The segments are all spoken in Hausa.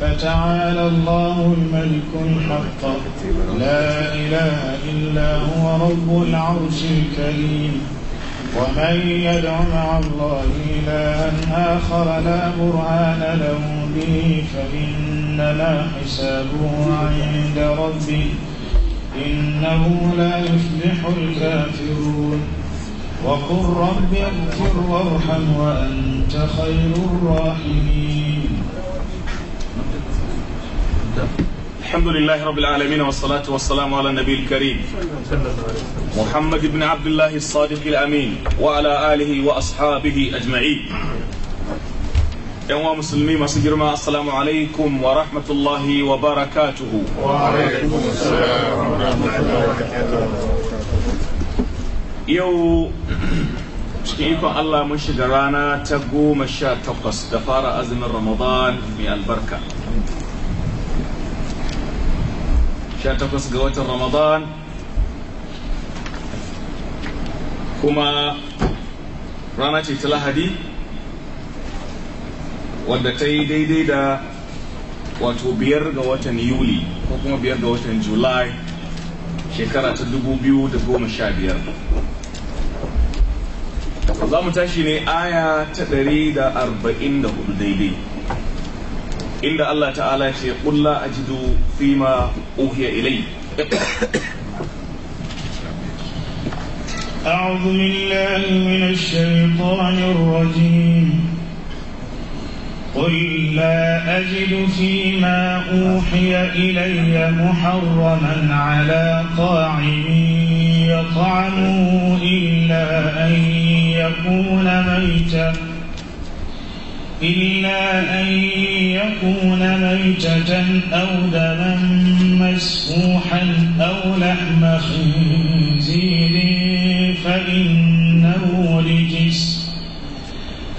فتعالى الله الملك الحق لا إله إلا هو رب العرش الكريم ومن يدع مع الله إلها آخر لا برهان له به فإنما حسابه عند ربه إنه لا يفلح الكافرون وقل رب اغفر وارحم وأنت خير الراحمين الحمد لله رب العالمين والصلاة والسلام على النبي الكريم محمد بن عبد الله الصادق الأمين وعلى آله وأصحابه أجمعين yan musulmi masu girma assalamu alaikum wa rahmatullahi wa barakatuhu yau cikin ikon Allah mun shiga rana ta goma sha takwas da fara azumin ramadan mai albarka 18 ga watan ramadan kuma rana ce ta lahadi wadda ta yi daidai da wato biyar ga watan yuli ko kuma biyar ga watan july shekara ta biyar. za mu tashi ne aya ta da da arba'in hudu daidai إلا الله تعالى ce قل لا أجد فيما أوحي إلي أعوذ بالله من الشيطان الرجيم قل لا أجد فيما أوحي إلي محرما على طاعم يطعمه إلا أن يكون ميتاً إلا أن يكون ميتة أو دما مسفوحا أو لحم خنزير فإنه رجس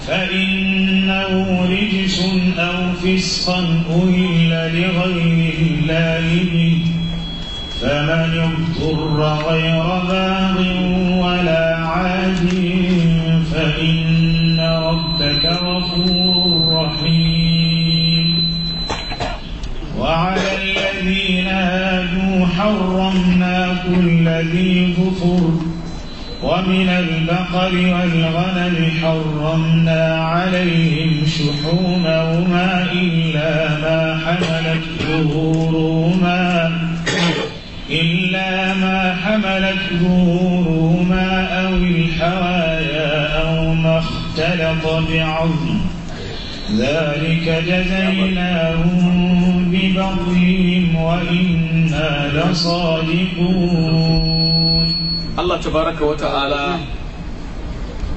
فإنه رجس أو فسقا أهل لغير الله به فمن اضطر غير باغ ولا عادٍ حرمنا كل ذي ظفر ومن البقر والغنم حرمنا عليهم شحومهما إلا ما حملت ظهورهما إلا ما حملت ظهورهما أو الحوايا أو ما اختلط بعظم ذلك جزيناهم ببغيهم وإنا لصادقون الله تبارك وتعالى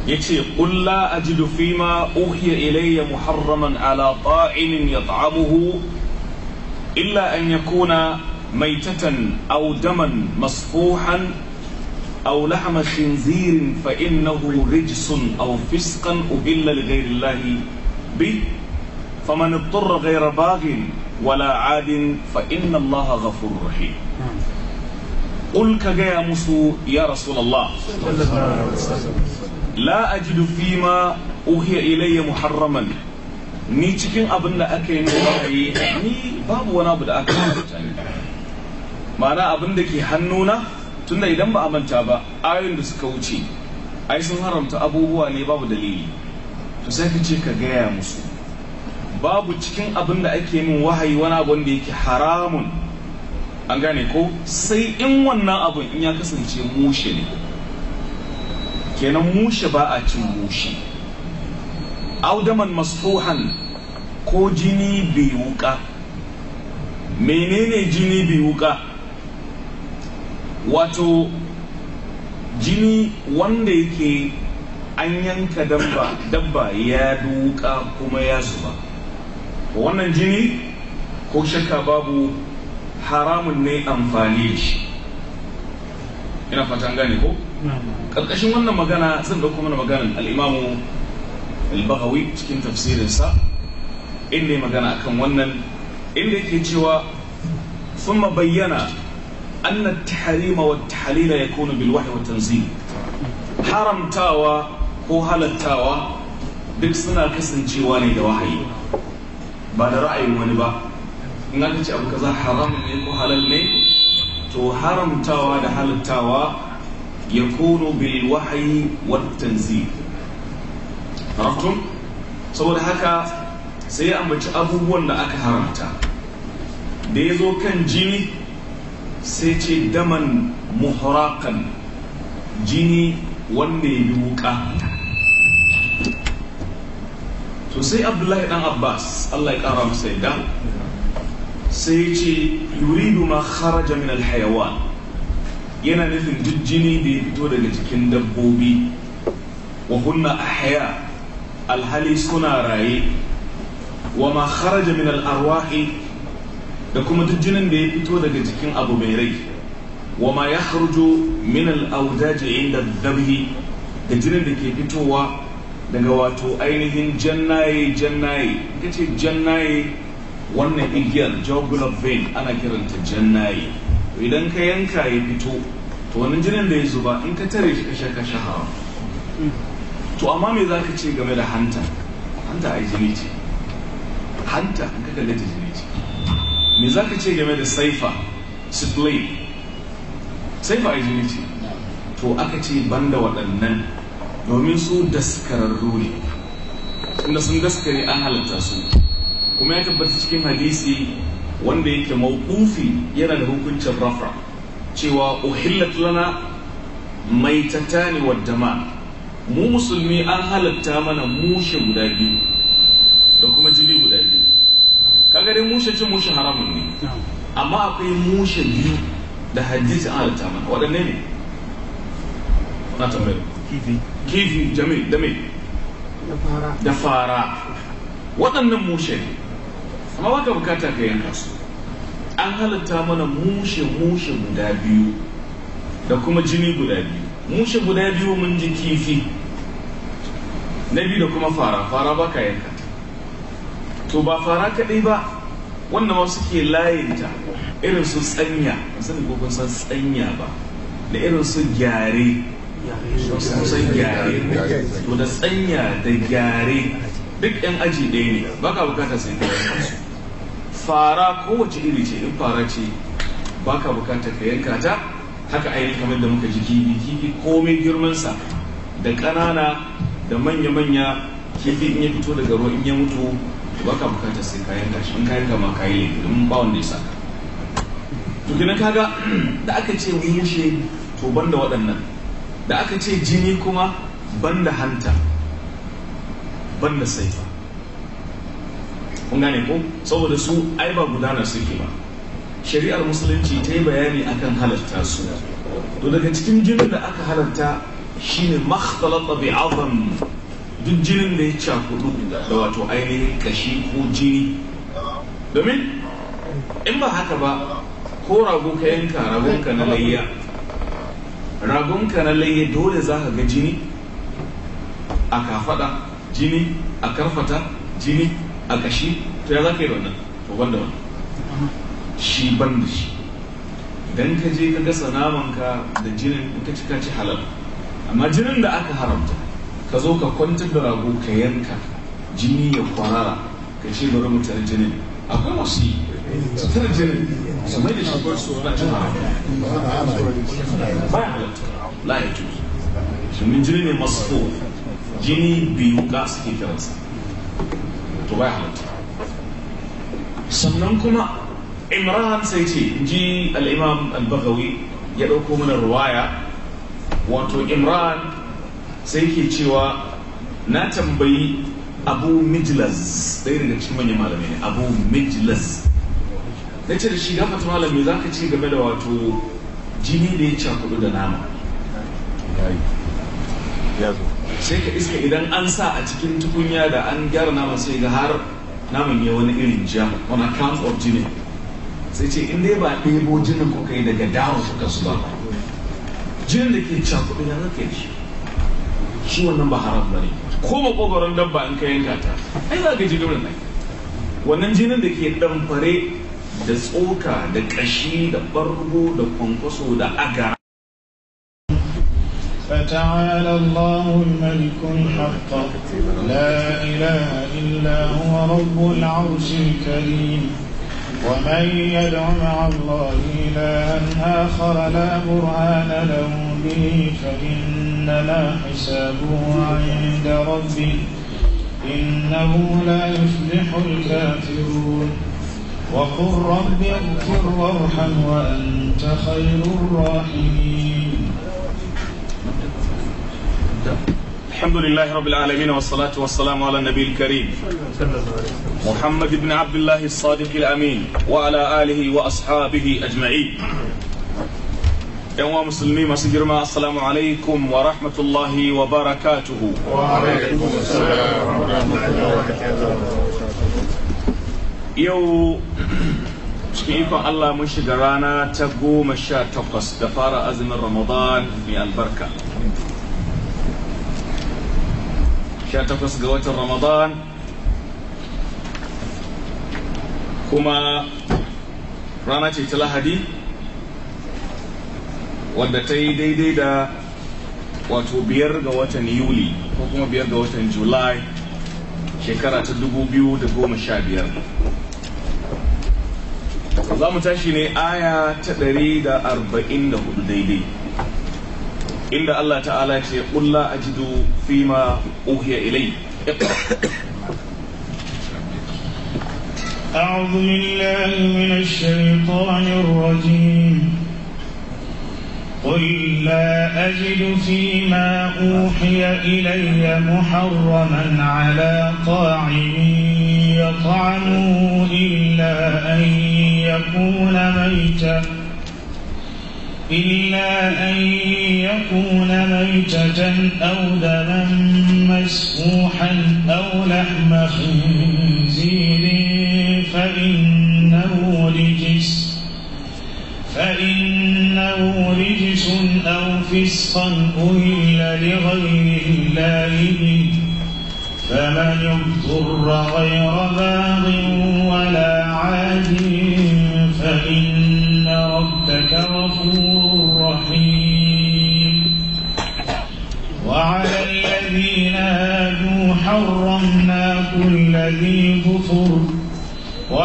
يتي قل لا أجد فيما أوحي إلي محرما على طاعم يطعمه إلا أن يكون ميتة أو دما مصفوحا أو لحم خنزير فإنه رجس أو فسقا أهل لغير الله به فمن اضطر غير باغ wala عاد fa inna allaha رحيم rahim قل كجاي مسو يا رسول الله لا أجد فيما أوهي إلي محرما ni cikin abin da aka yi min wahayi ni babu wani abu da aka yi mutane ma'ana abin da ke hannuna tunda idan ba a manta ba ayoyin da suka wuce ai sun haramta abubuwa ne babu dalili to sai ka ce ka gaya musu babu cikin abin da ake min wahayi wani abu da yake haramun an gane ko sai in wannan abin in ya kasance mushe ne kenan mushe ba a cin mushe audaman masfuhan ko jini bai wuka menene jini bai wuka wato jini wanda yake an yanka dabba ya duka kuma ya zuba wannan jini ko shakka babu haramun ne amfani shi ina fatan gane ko karkashin wannan magana zan dauko mana maganar al-Imam al-baghawi cikin tafsirinsa inda ya magana akan wannan inda yake cewa sun bayyana أن التحريم والتحليل يكون بالوحي والتنزيل حرم تاوى هو هل التاوى دك سنة كسن جيواني دواحي ba da ra'ayin wani ba in aka ce abu kaza haram ne ko halal ne to haramtawa da halittawa ya kono bil wahayi wa tanzi saboda haka sai ya ambaci abubuwan da aka haramta da ya zo kan jini sai ce daman muhraqan jini wanda ya yi wuka to sai abdullahi dan abbas allah ya kara masa yadda sai ya ce yuridu ma kharaja min alhayawan yana nufin jini da ya fito daga cikin dabbobi wa kunna ahya alhali suna raye wa ma kharaja min alarwahi da kuma jinin da ya fito daga jikin abu mai rai wa ma ya harjo min al'audaji inda zabihi da jinin da ke fitowa daga wato ainihin jannaye jannaye ita ce jannaye wannan igiyar jugular vein ana kiranta jannaye idan ka yanka ya fito to wannan jinin da ya zuba in ka tare shi kashe-kashe ka to amma me za ka ce game da hanta hanta a jini ce hanta in ka kalle ta jini ce me za ka ce game da saifa spleen saifa a jini ce to aka ce banda waɗannan domin su daskararru ne inda sun daskare an halatta su kuma ya tabbata cikin hadisi wanda yake mawqufi yana da hukuncin rafa cewa uhillat lana maitatani wa dama mu musulmi an halatta mana mushe guda biyu da kuma jini guda biyu kaga dai mushe ce mushe haramun ne amma akwai mushe biyu da hadisi an halatta mana waɗanne ne na tambayar kifi kifi jami da mai da fara waɗannan mushe ne amma baka bukata ka yanka su an halitta mana mushe mushe guda biyu da kuma jini guda biyu mushe guda biyu mun ji kifi na biyu da kuma fara fara baka yanka to ba fara kaɗai ba wannan wasu ke layinta irin su tsanya ba sani tsanya ba da irin su gyare san gyare to da tsanya da gyare duk yan aji ɗaya ne ba ka bukata sai ka yanka su fara kowace iri ce in fara ce ba ka bukata ka yanka ta haka aini kamar da muka ji kifi kifi komai girmansa da ƙanana da manya-manya kifi in ya fito daga ruwa in ya mutu ba ka bukata sai ka yanka shi in ka yanka ma ka yi in ba wanda ya saka to kaga da aka ce mushe to banda waɗannan da aka ce jini kuma banda hanta banda saifa kun gane ko saboda su ai ba gudana suke ba shari'ar musulunci ta yi bayani akan halarta su to daga cikin jinin da aka halarta shine makhtalata bi azam duk jinin da ya cakudu da wato ainihin kashi ko jini domin in ba haka ba ko rago ka yanka ragon ka na layya ragonka na laye dole za ka ga jini a kafada jini a karfata jini a kashi to ya za ka yi wannan to ban da wannan shi ban da shi idan ka je ka gasa namanka da jinin in ka ci ka ci halal amma jinin da aka haramta ka zo ka kwantar da rago ka yanka jini ya kwarara ka ce bari mu tare jinin akwai wasu tare jinin su mai da shi bar su la ya juzu domin jini ne masfo jini biyu ga su ke kiransa to bai halatta sannan kuma imran sai ce ji al'imam al-bagawi ya dauko mana ruwaya wato imran sai ke cewa na tambayi abu mijlas ɗaya daga cikin manyan malamai ne abu mijlas na ce da shi ga fata malam me za ka ce game da wato jini da ya cakudu da nama sai ka iska idan an sa a cikin tukunya da an gyara nama sai ga har naman ya wani irin ja on account of jini sai ce in dai ba ɗebo jinin ku kai daga dawo su kasu ba jinin da ke cakudu ya zaka shi shi wannan ba haram ba ne ko makogoron dabba in ka yanka ta ai za ka ji gaurin nan wannan jinin da ke ɗanfare. da tsoka da kashi da bargo da kwankwaso da agara فتعالى الله الملك الحق لا إله إلا هو رب العرش الكريم ومن يدع مع الله إلها آخر لا برهان له به فإنما حسابه عند ربه إنه لا يفلح الكافرون وقل رب اغفر وارحم وأنت خير الراحمين الحمد لله رب العالمين والصلاة والسلام على النبي الكريم محمد بن عبد الله الصادق الأمين وعلى آله وأصحابه أجمعين yan wa musulmi masu girma assalamu alaikum wa rahmatullahi wa barakatuhu yau cikin ikon Allah mun shiga rana ta goma sha takwas da fara azumin Ramadan mai albarka. Sha takwas ga watan Ramadan kuma rana ce ta lahadi wadda ta yi daidai da wato biyar ga watan Yuli ko kuma biyar ga watan Julai shekara ta dubu biyu da goma sha biyar. za mu tashi ne aya ta da da arba'in hudu daidai inda Allah ta'ala ce ƙulla a jidu fima uhiya ilai أعوذ بالله من الشيطان الرجيم قل لا أجد فيما أوحي إلي محرما على طاعم يطعمه إلا أن يكون ميتا إلا أن يكون ميتة أو دما مسفوحا أو لحم خنزير فإنه رجس فإنه رجس أو فسقا أهل لغير الله به فمن اضطر غير باغ ولا عاد فإن ربك غفور رحيم وعلى الذين هادوا حرمنا كل ذي ظفر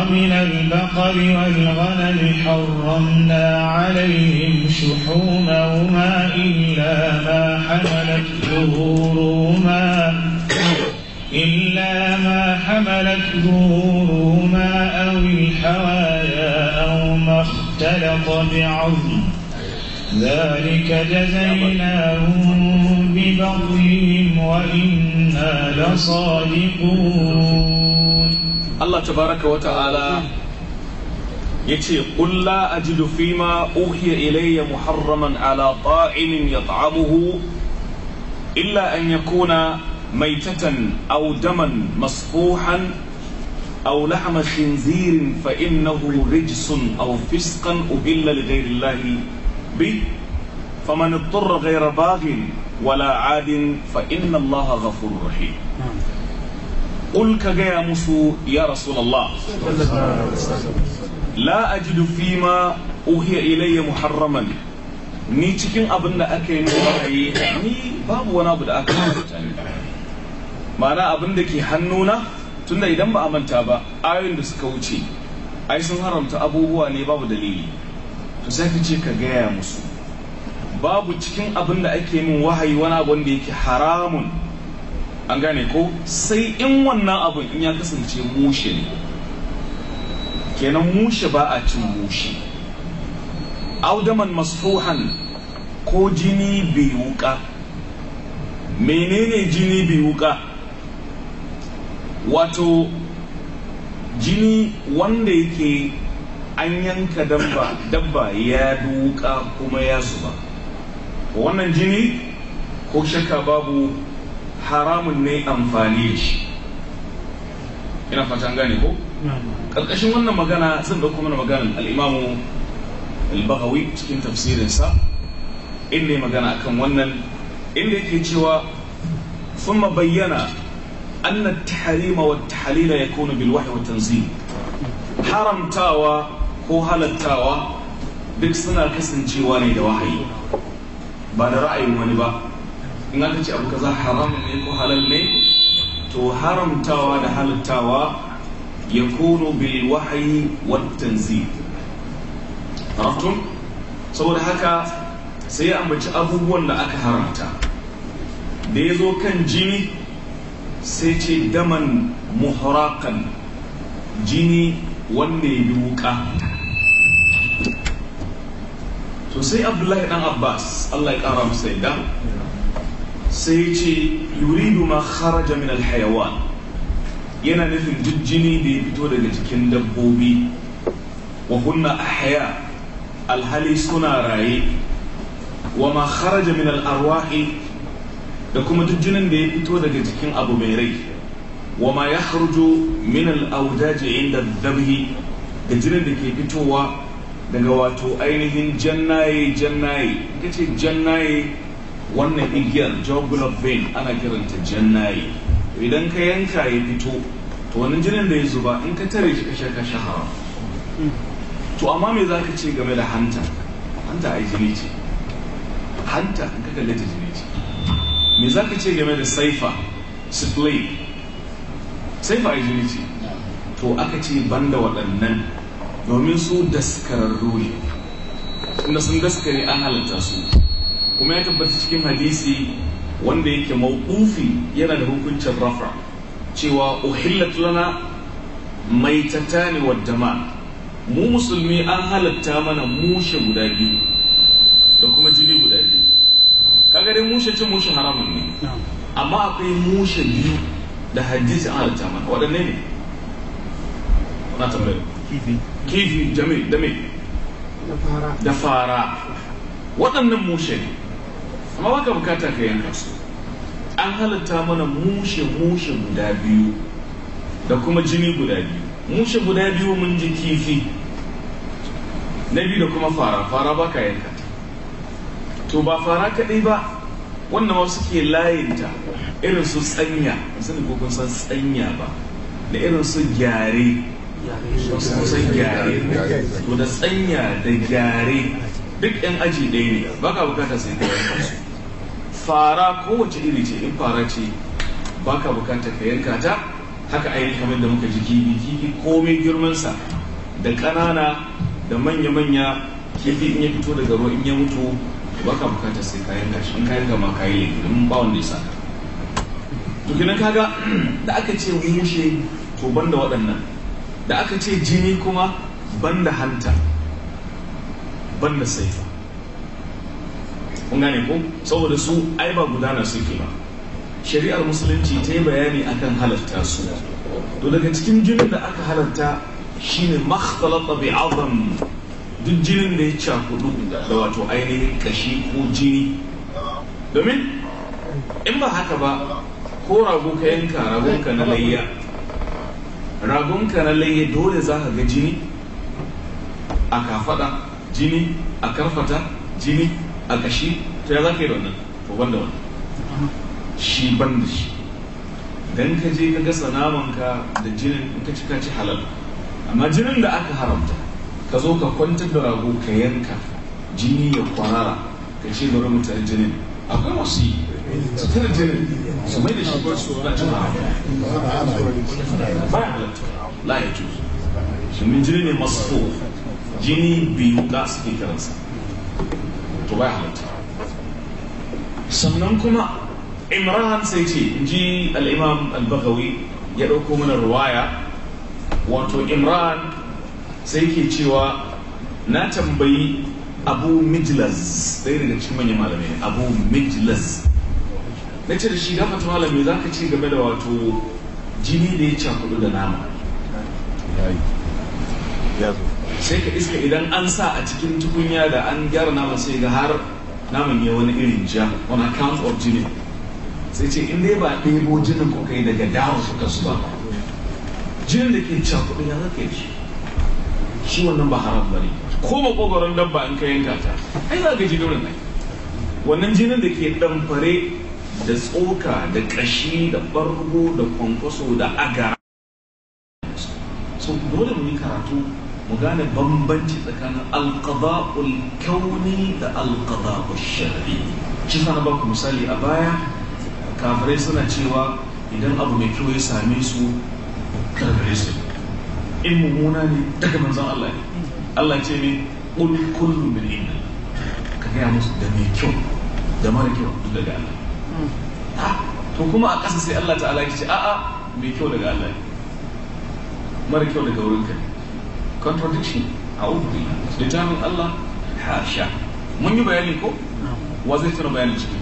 ومن البقر والغنم حرمنا عليهم شحومهما إلا ما حملت ظهورهما إلا ما حملت ظهورهما أو الحوايا أو ما اختلط بعظم ذلك جزيناهم ببغيهم وإنا لصادقون Allah tabaraka wa ta'ala yace qul la ajidu fima uhiya ilayya muharraman ala ta'imin yat'amuhu illa an yakuna maytatan aw daman masfuhan أو لحم خنزير فإنه رجس أو فسقا أهل لغير الله به فمن اضطر غير باغ ولا عاد فإن الله غفور رحيم قل كغير مسو يا رسول الله لا أجد فيما أوهي إلي محرما ni cikin abin da aka yi wahayi ni babu wani abu da aka rubuta ni ma'ana abin da ke hannuna tunda idan ba a manta ba ayoyin da suka wuce ai sun haramta abubuwa ne babu dalili to sai ka ce ka gaya musu babu cikin abin da ake min wahayi wani abu wanda yake haramun an gane ko sai in wannan abin in ya kasance mushe ne kenan mushe ba a cin mushe audaman masfuhan ko jini bai wuka menene jini bai wuka wato jini wanda yake an yanka dabba ya duka kuma ya zuba wannan jini ko shakka babu haramun ne amfani da shi ina fatan gane ko karkashin wannan magana zan dauko mana maganar al-imamu al-baghawi cikin tafsirinsa inda ya magana akan wannan inda yake cewa ثم بين أن التحريم والتحليل يكون بالوحي والتنزيل حرم تاوى هو هل التاوى ديك سنة كسن جيواني دواحي بعد رأي ونبا in aka ce abu kaza haram ne ko halal ne to haramtawa da halittawa ya kono bil wahayi wattanzi zi saboda haka sai ya ambaci abubuwan da aka haramta da ya zo kan jini sai ce daman muhrakan jini wanda ya duka wuka to sai abdullahi dan abbas allah ya kara masa yadda sai ce yuridu ma kharaja min alhayawan yana nufin jijjini da ya fito daga cikin dabbobi wa kunna ahya alhali suna raye wa ma kharaja min alarwahi da kuma jijjinin da ya fito daga cikin abu mai rai wa ma yakhruju min alawdaji inda dhabhi da jinin da ke fitowa daga wato ainihin jannaye jannaye kace jannaye wannan igiyar jugular vein ana kiranta jannayi idan ka yanka ya fito to wani jinin da ya zuba in ka tare shi kashe kashe haram to amma me za ka ce game da hanta hanta ai jini ce hanta in ka kalle ta jini ce me za ka ce game da saifa splay saifa ai jini ce to aka ce banda waɗannan domin su daskararru ne inda sun daskare an halatta su kuma ya tabbata cikin hadisi wanda yake mawqufi yana da hukuncin rafa cewa uhillat lana maitatani wadda ma mu musulmi an halatta mana mushe guda biyu da kuma jini guda biyu kaga dai mushe ce mushe haramun ne amma akwai mushe biyu da hadisi an halatta mana waɗanne ne na tambayar kifi kifi jami da me da fara waɗannan mushe ne amma baka bukata ka yanka su an halatta mana mushe mushe guda biyu da kuma jini guda biyu mushe guda biyu mun ji kifi na biyu da kuma fara fara baka yanka to ba fara kaɗai ba wannan ma suke layinta irin su tsanya sani ko kun san tsanya ba da irin su gyare kusan gyare to da tsanya da gyare duk yan aji ɗaya ne ba ka bukata sai ka yanka su fara kowace iri ce in fara ce baka bukanta ka yanka ta haka ainihin kamar da muka ji kifi kifi komai girmansa da ƙanana da manya-manya kifi in ya fito daga ruwa in ya mutu baka bukanta sai ka yanka shi in ka yanka ma ka yi laifi in ba wanda ya saka to kinan kaga da aka ce mushe to banda waɗannan da aka ce jini kuma banda hanta banda saifa kun gane ko saboda su ai ba gudana suke ba shari'ar musulunci ta yi bayani akan halatta su to daga cikin jinin da aka halatta shine makhtalata bi azam duk jinin da ya kudu da wato ainihin kashi ko jini domin in ba haka ba ko rago ka yanka ka na layya ka na layya dole za ka ga jini a kafada jini a karfata jini a kashi to ya za ka yi wannan to ban da shi ban da shi dan ka je ka gasa namanka da jinin in ka ci ka ci halal amma jinin da aka haramta ka zo ka kwantar da rago ka yanka jini ya kwarara ka ce bari mutane jinin akwai wasu yi su tara jinin su mai da shi ba su na jina ba ya halatta la ya jini ne masu jini biyu ga suke karansa to ba sannan kuma imran sai ce in ji al'imam al-bagawi ya ɗauko mana ruwaya wato imran sai ke cewa na tambayi abu mijlas ɗaya daga cikin manyan abu mijlas na ce da shi ta malami za ka ci game da wato jini da ya cakudu da nama ya zo sai ka iska idan an sa a cikin tukunya da an gyara naman sai ga har naman ya wani irin ja on account of jini sai ce in dai ba ɗebo jinin ko kai daga dawo suka su ba jinin da ke kuɗi ya zaka yi shi wannan ba haram ba ne ko makogoron dabba in ka yanka ta ai za ka ji durin nan wannan jinin da ke ɗamfare da tsoka da ƙashi da ɓargo da kwankwaso da agara so dole mu karatu mu gane bambanci tsakanin alqada'ul kauni da alqada'ul shari'i shi sana ba ku misali a baya kafirai suna cewa idan abu mai kyau ya same su karkare su in mummuna ne daga manzon Allah ne Allah ce ne qul kullu min ka gaya musu da mai kyau da mara kyau duk daga Allah hmm. ah, to kuma a ƙasa sai Allah ta'ala ya ce a'a mai kyau daga Allah ne mara kyau daga wurinka ne contradiction a ubi littafin Allah hasha mun yi bayani ko wa zai tana bayani ciki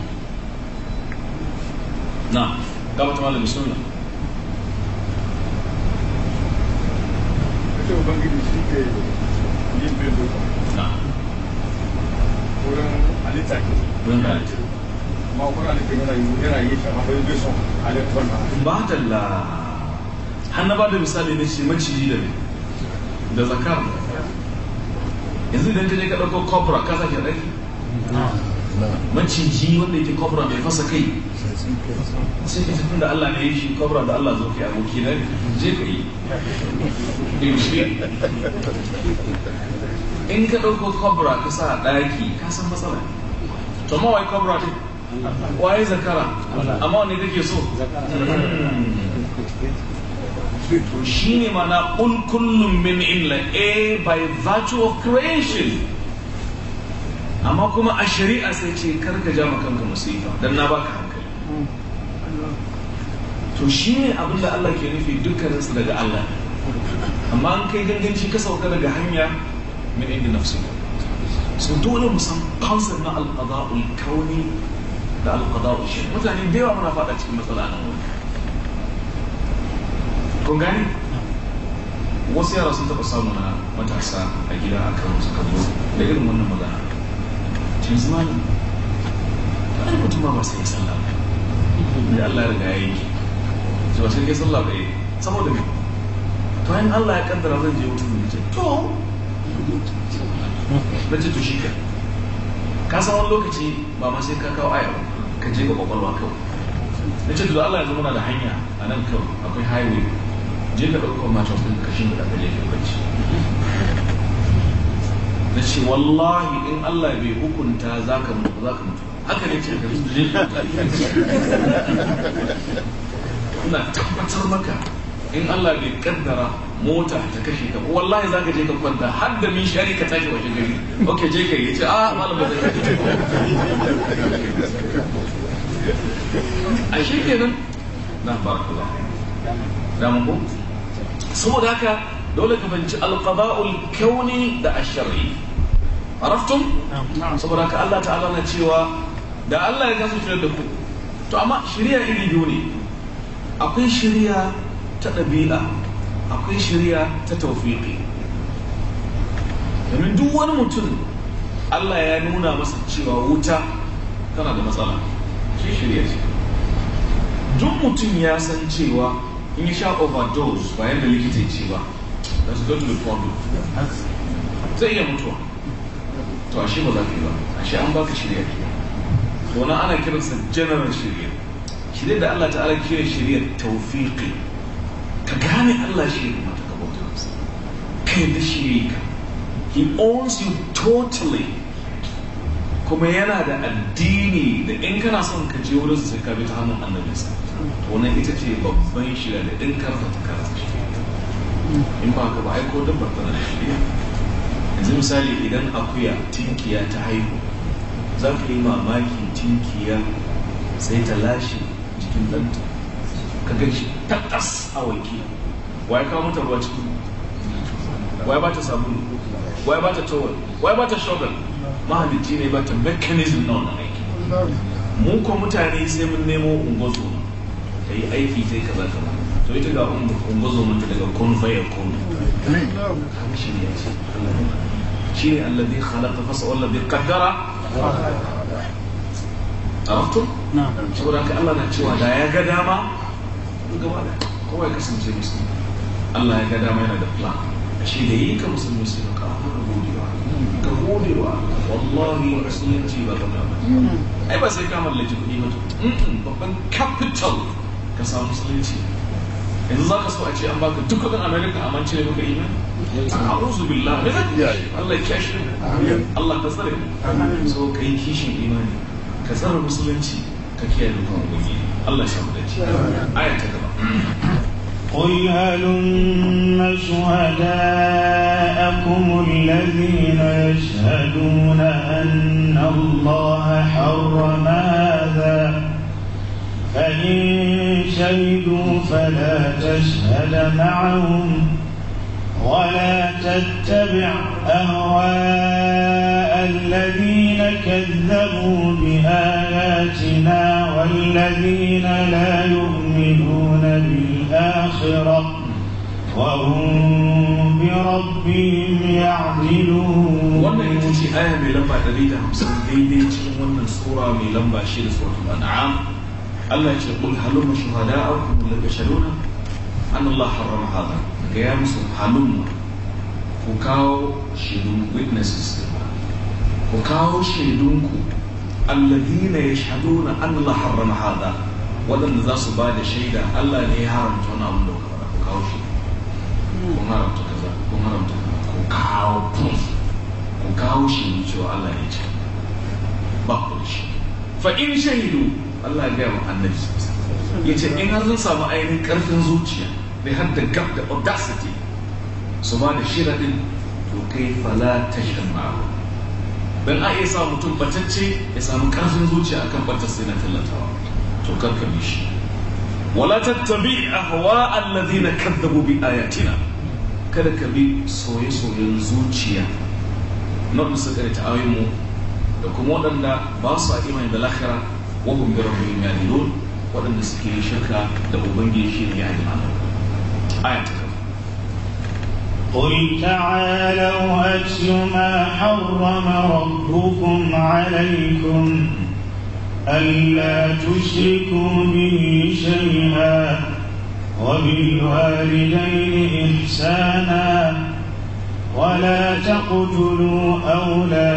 na gaba ta malam sunna kace ubangiji shi ke na ba da la hannaba da misali ne shi maciji da ne da zakar yanzu idan ka je ka ɗauko kofra ka sake ɗaki maciji wanda yake kofra mai fasa kai sai ka tafi da Allah ne yi shi kofra da Allah zofi aboki na je ka yi in ka ɗauko kofra ka sa ɗaki ka san matsala to ma wai kofra ne wai zakara amma wanne kake so to shi ne mana kullum min a eh, by virtue of creation amma kuma a shari'a sai ce karka ja kanka musifa don na baka hankali to shi ne abin da Allah ke nufi dukkaninsu daga Allah amma an kai ganganci ka sauka daga hanya min inda nafsi so dole mu san kansar na al-qada'ul kauni da al-qada'ul mutane da yawa muna fada cikin matsala nan wani kun gane wasu yara sun taɓa samu na matasa a gida a kan suka zo da irin wannan magana cin zumani ta ɗan mutum ba ba sai sallah da Allah ya riga ya yi shi ba sai ya sallah ba eh. saboda mai to in Allah ya kaddara zan je wutar da ce to na ce to shi ka ka san wani lokaci ba ma sai ka kawo aya ka je ga kwakwalwa kawai na ce to Allah ya zama na da hanya a nan kawai akwai highway je da ɗauko matan ɗin ka shimfiɗa ka je ka bacci na ce wallahi in Allah bai hukunta za ka mutu za ka mutu haka ne ce ka je ina tabbatar maka in Allah bai kaddara mota ta kashe ka wallahi za ka je ka kwanta har da min shari ka tashi wajen gari ok je ka yi ce a ah, malam ba zai a shekenan na farko da mu saboda haka dole ka fahimci alqada'ul kauni da ash-shar'i saboda haka Allah ta'ala na cewa da Allah ya kasu shirya da ku to amma shirya iri biyu ne akwai shirya ta ɗabi'a akwai shirya ta tawfiqi domin duk wani mutum Allah ya nuna masa cewa wuta tana da matsala shi shirya ce duk mutum ya san cewa in sha overdose ba yadda likita ce ba that's going to be problem zai iya mutuwa to ashe ba za ka yi ba ashe an baka shirya ke to na ana kiransa general shirya shirya da Allah ta'ala kira shirya tawfiqi ka gane Allah shi ne mata ka bauta masa kai da shi ka he owns you totally kuma yana da addini da in kana son ka je wurinsa sai ka bi ta hannun annabinsa wannan ita ce babban shirya da ɗin karfa ta karfa shi in ba ka ba aiko don bartana da shirya yanzu misali idan akuya tinkiya ta haihu za ka yi mamaki tinkiya sai ta lashe jikin ɗanta ka gan shi takas a wanki wai kawo mutar ruwa ciki wai ba ta sabulu wai ba ta towel wai ba ta shovel mahalicci ne ba ta mechanism na wannan aiki mu ko mutane sai mun nemo ungozo ta yi aiki sai kaza kaza to ita ga ungozo mata daga kun faya kun shi ne shi ne alladhi khalaqa fa sawalla bi qaddara arabtum na'am saboda haka Allah na cewa da ya ga dama gaba da kowa ya kasance musulmi Allah ya ga dama yana da plan shi da yi ka musulmi su ka kama godewa ka godewa wallahi musulunci ba ka mm. ai ba sai ka mallaki kuɗi ba babban capital ka samu musulunci yanzu za ka so a ce an baka duk kudin america a mance maka iman a rusu billah me zai iya allah ya shi allah ka tsare so ka yi kishin imani ka tsare musulunci ka kiyaye dukkan gobe allah ya samu dace aya ta gaba قل هلم شهداءكم الذين يشهدون أن الله حرم فإن شهدوا فلا تشهد معهم ولا تتبع أهواء الذين كذبوا بآياتنا والذين لا يؤمنون بالآخرة وهم بربهم يعدلون wannan ita ce aya mai lamba 150 daidai cikin wannan sura mai lamba shi da Allah ya ce kul halumma shuhada'akum la tashhaduna an Allah harrama hada ga ya musu halumma ku kawo shaidun witnesses ku kawo shaidunku alladhina yashhaduna an Allah harrama hada waɗanda za su ba da shaida Allah ne ya haramta wani abin da ku kawo shi kun haramta kaza kun haramta ku kawo proof ku kawo shi cewa Allah ya ce ba ku da shi fa in shahidu Allah ya gaya wa annabi ya ce in har zan samu ainihin karfin zuciya da har da gab da audacity su ba da shiradin to kai fala tashin ma'ahu don a iya sa mutum batacce ya samu karfin zuciya akan batar sai na tallatawa to karka bi shi wala tattabi ahwa alladhina kadzabu bi ayatina kada ka bi soye-soyen zuciya na musu ta mu da kuma waɗanda ba su a imani da lahira وهم بربهم يعدلون وأن سكي شكا shirka da شيء يعني معنا آية. قل تعالوا أتل ما حرم ربكم عليكم ألا تشركوا به شيئا وبالوالدين إحسانا ولا تقتلوا أولادكم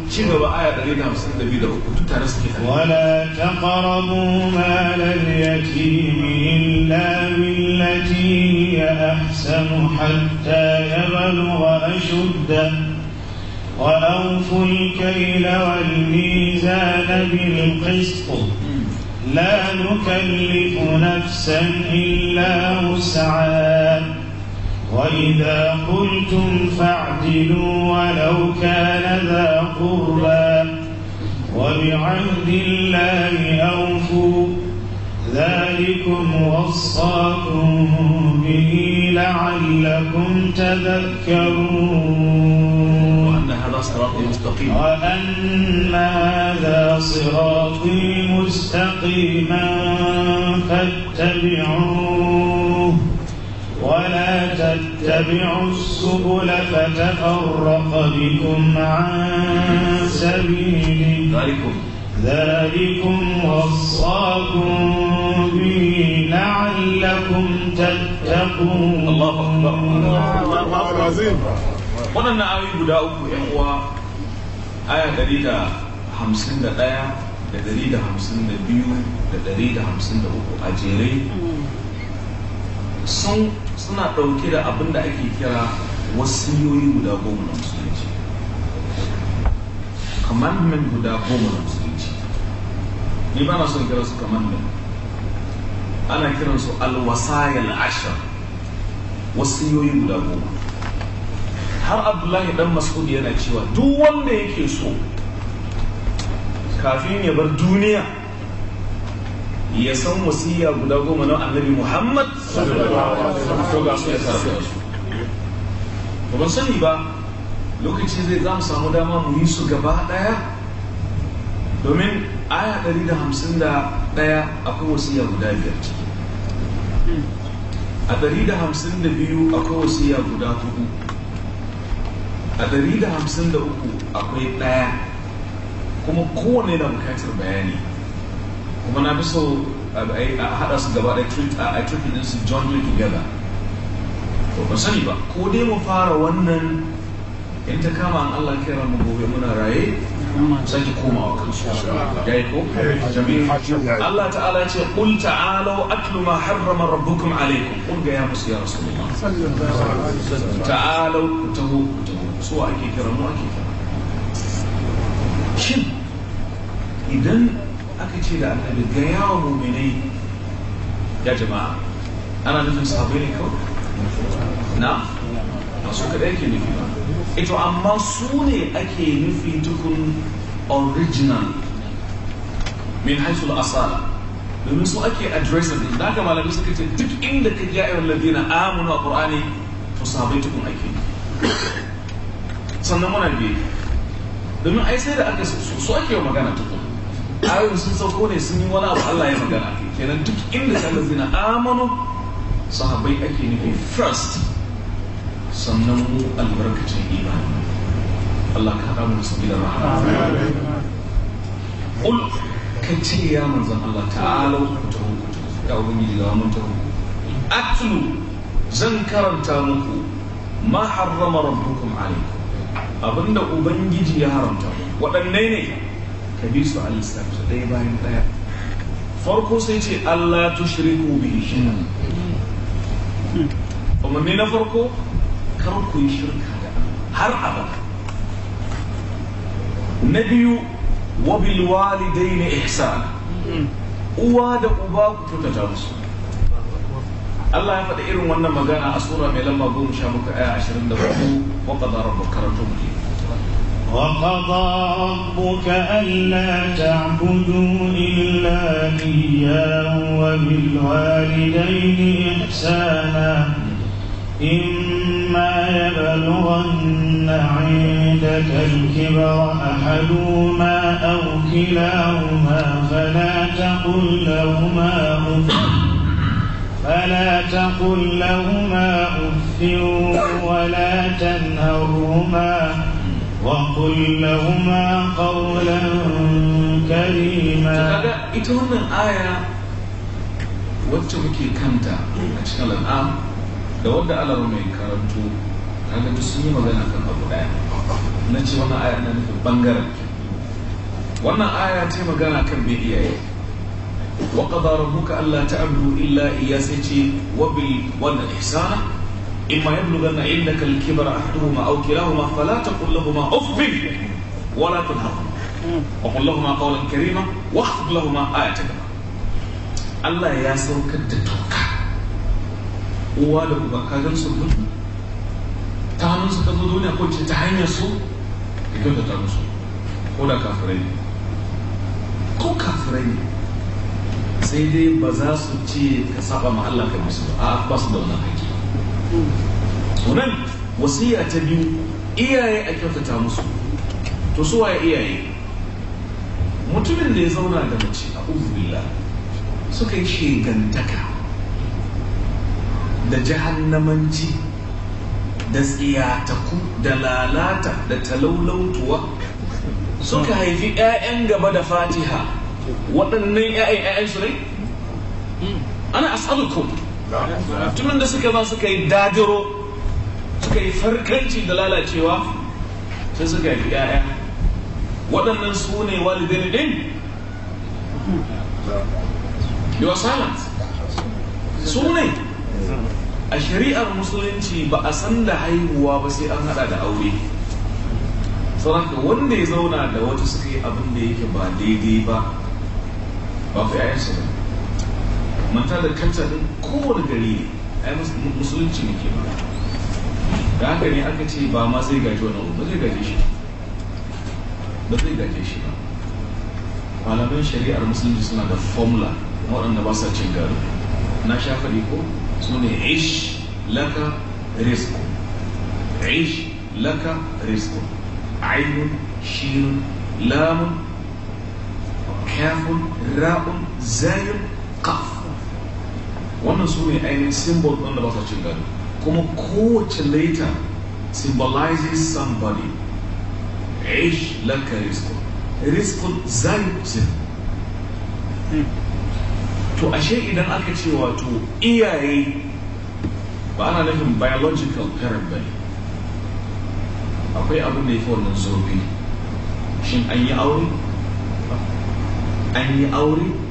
آية ولا تقربوا مال اليتيم إلا بالتي هي أحسن حتى يبلغ أشده وأوفوا الكيل والميزان بالقسط لا نكلف نفسا إلا وسعها وإذا قلتم فاعدلوا ولو كان ذا قربى وبعهد الله أوفوا ذلكم وصاكم به لعلكم تذكرون وأن هذا صراطي وأن هذا صراطي مستقيما فاتبعوه ولا تتبعوا السبل فتفرق بكم عن سبيله ذلكم ذلكم وصاكم به لعلكم تتقون الله اكبر الله العظيم waɗannan ayoyi guda uku yan uwa aya ɗari da hamsin da ɗaya da ɗari da hamsin da biyu da ɗari da hamsin da uku a jere sun suna ɗauke da abin da ake kira wasiyoyi guda goma na musulunci commandment guda goma na musulunci ni ba na son kira su commandment ana su alwasayal ashar wasiyoyi guda goma har abdullahi dan mas'ud yana cewa duk wanda yake so kafin ya bar duniya ya san wasiya guda goma na annabi muhammad sallallahu alaihi su ya ba ban sani ba lokaci zai za mu samu dama mu yi su gaba daya domin aya 151 akwai wasiya guda biyar ciki a 152 akwai wasiya guda hudu a 153 akwai daya kuma kowane na bukatar bayani kuma na fi so a haɗa su gaba da a tricky din su join me together to ba sani ba ko dai mu fara wannan in ta kama an Allah kira mu gobe muna raye sake komawa kansu ya yi ko Allah ta'ala ce qul ta'alu atlu ma harrama rabbukum alaykum qul ga ya musu ya rasulullah ta'alu tahu tahu so ake kira mu ake kira shin idan aka ce da annabi ga yawa muminai ya jama'a ana nufin sahabai ne kawai na Masu su kaɗai ake nufi ba ito amma su ne ake nufi tukun original min haisul asala domin su ake addressing din da haka malamai suka ce duk inda ka ja ayyuhal ladina amanu a qur'ani to sahabai tukun ake sannan muna biye domin ai sai da aka Su ake magana tukun ayoyin sun sauko ne sun yi wani abu Allah ya magana kenan duk inda kaga zina amanu sahabbai ake nufi first sannan mu albarkacin imani Allah ka haɗa mu da sabilar rahama qul ka ce ya manzon Allah ta'ala ku tawo ku tawo ya ubangiji da mun tawo atlu zan karanta muku ma harrama rabbukum alaikum abinda ubangiji ya haramta waɗanne ne ka bi su al su ɗaya bayan ɗaya farko sai ce Allah tushriku bi shi umarni na farko kar ku yi shirka da har abada na biyu wa bil walidaini ihsan hmm. uwa da uba ku kyautata musu Allah ya faɗa irin wannan magana a sura mai lamba goma sha muka aya ashirin da hudu wa qadara rabbuka karantu muke وقضى ربك ألا تعبدوا إلا إياه وبالوالدين إحسانا إما يبلغن عندك الكبر أحدهما أو كلاهما فلا تقل لهما أف فلا تقل لهما أف ولا تنهرهما وقل لهما قولا كريما ita wannan aya wacce muke kanta a cikin al'am da wadda alar mai karanto kaga duk sun yi magana kan abu daya na ce wannan aya na nufin bangaren wannan aya ce magana kan bai iyaye wa qadara rabbuka alla ta'budu illa iyyah sai ce wa bil wal ihsana إما يبلغن عندك الكبر أحدهما أو كلاهما فلا تقل لهما أف ولا تنهرهما وقل لهما قولا كريما واخفض لهما آيتهما Allah ya saukar da toka uwa da uba ka gan su gudu ta hannun su ta zo duniya ko ce ta hanyar su ka kyautata musu ko da kafirai ne ko kafirai sai dai ba za su ce ka saba ma Allah ka musu ba a ba su da wannan hakika to nan wasiya ta biyu iyaye a kyautata musu to su waye iyaye mutumin da ya zauna da mace a uzubillah suka yi shigantaka da jahannamanci da tsiyataku da lalata da talaulautuwa suka haifi 'ya'yan gaba da fatiha waɗannan 'ya'yan 'ya'yan su ne ana asalukum tun da suka ba suka yi dajiro suka yi farkanci da lalacewa sai suka yi yaya waɗannan su ne walidin din your silence su ne a shari'ar musulunci ba a san da haihuwa ba sai an hada da aure saboda wanda ya zauna da wata suka yi abin da yake ba daidai ba ba fi 'ya'yansu ba manta da kalca din kowane gari ne ai musulunci ne ke ba da haka ne aka ce ba ma zai gaji wani ba zai gaje shi ba zai gaje shi ba malaman shari'ar musulunci suna da formula waɗanda ba sa cin gado na sha faɗi ko su ne ish laka risko ish laka risko ainun shirin lamun kafin ra'un zayin qaf wannan su ne ainihin symbol ɗin da ba sa cin gado kuma kowace leta symbolizes somebody ish laka risko. risko zai kusin to ashe idan aka ce wato iyaye ba ana nufin biological parent ba akwai abin da ya fi wannan zobe shin an yi aure an yi aure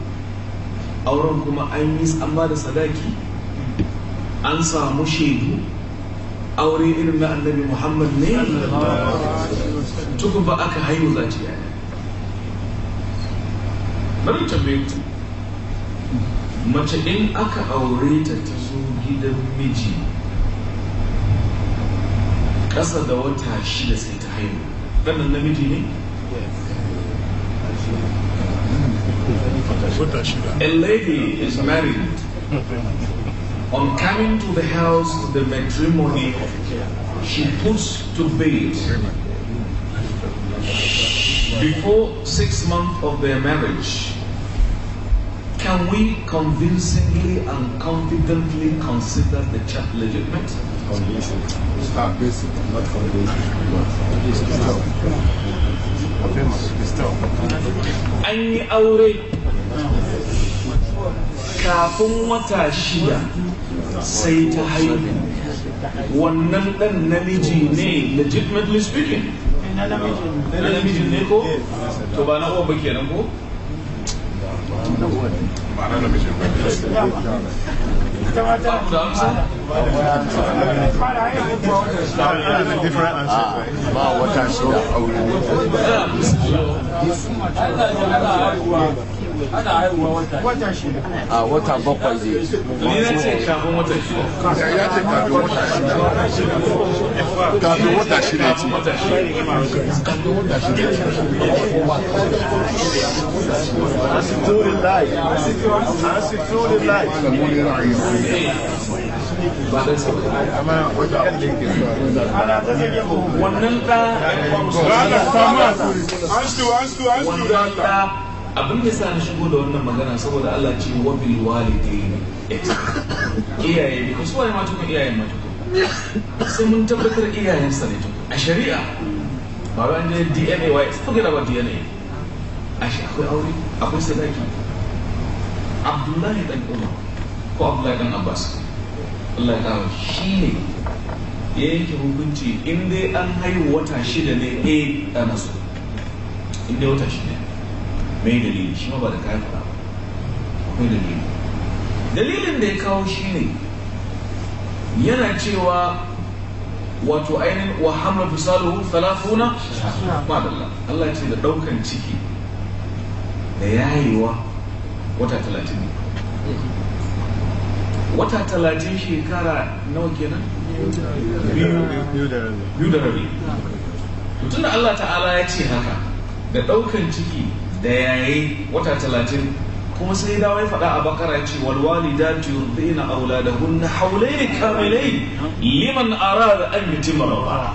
auren kuma an yi an ba da sadaki an samu shaidu aure irin na annabi muhammad ne tukun ba aka haihu za ta yaya bari tambaye mace in aka aure ta ta zo gidan miji ƙasa da wata shida sai ta haihu ɗan namiji ne A lady is married. On coming to the house, the matrimony, she puts to bed before six months of their marriage. Can we convincingly and confidently consider the child legitimate? Convincing. not convincing. kafin wata shida sai ta haihu wannan ɗan namiji ne legitimately speaking na namijin ne ko to ba na uwa ba kenan ko ba wata shida aure ana haihuwa wata shida a wata bakwai zai ni na ce kafin wata shida ya ce kafin wata shida kafin wata shida ya ce kafin wata shida ce wannan ta an su an su an su abin da sa na shigo da wannan magana saboda Allah ce wa bil walidaini iyaye ne ko suwaye ma tukun iyaye ma tukun sai mun tabbatar iyayen sa ne tukun a shari'a ba ran da DNA wai forget about DNA a shi akwai aure akwai sadaki Abdullahi dan Umar ko Abdullahi dan Abbas Allah ya kawo shi ne ya yanke hukunci in dai an haihu wata shida ne eh, a masu in dai wata shida ne mai dalili shi ma ba da kayan faɗa ba akwai dalili dalilin da ya kawo shi ne yana cewa wato ainihin wa hamla fisaluhu thalathuna madalla Allah ce da ɗaukan ciki da yayewa wata talatin ne wata talatin shekara nawa kenan biyu da rabi tun da Allah ta'ala ya ce haka da ɗaukan ciki da yayi wata talatin kuma sai dawo ya faɗa a bakara ce aula da hunna haulai da kamilai liman ara da an yutimma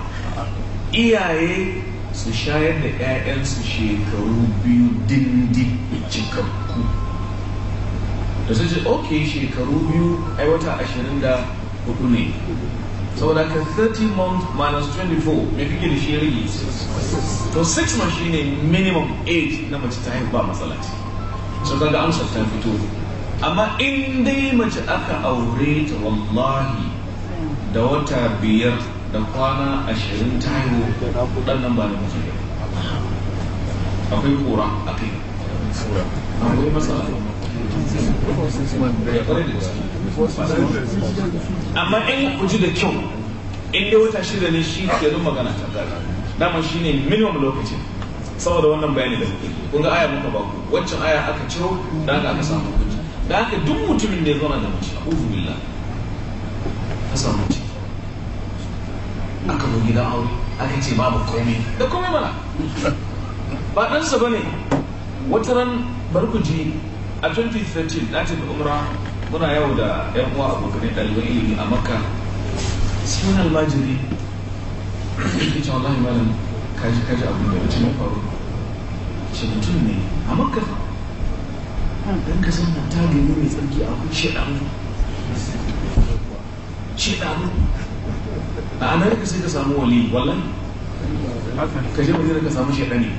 iyaye su shayar da 'ya'yansu shekaru biyu dindi cikakku da su ce ok shekaru biyu ai wata ashirin da hudu ne saboda ka 30 months minus 24 mai kake da shi ya rage to 6 months shine minimum age na mace ta haifa matsala ce so kaga amsa ta fito amma in dai mace aka aure ta wallahi da wata biyar da kwana ashirin ta haihu dan nan ba da mutum akwai kura akai akwai matsala amma in kuji da kyau in dai wata shida ne shi ke zo magana ta kare dama shi ne minimum lokacin saboda wannan bayani da kuke kun ga aya muka baku waccan aya aka ciro da aka aka samu kuji da aka duk mutumin da ya zauna da mace a billah ka samu ci aka zo gidan aure aka ce babu komai da komai mana ba ɗansa ba ne wataran barkuji a 2013 na tafi umra muna yau da yan uwa abokanai ɗaliban ilimi a makka sai wani almajiri ya ce wallahi malam kaji kaji abu da mutum ya faru ce mutum ne a makka dan ka zama ta gani mai tsarki a kun ce shaɗanu a amerika sai ka samu wali wallahi ka je madina ka samu shaɗani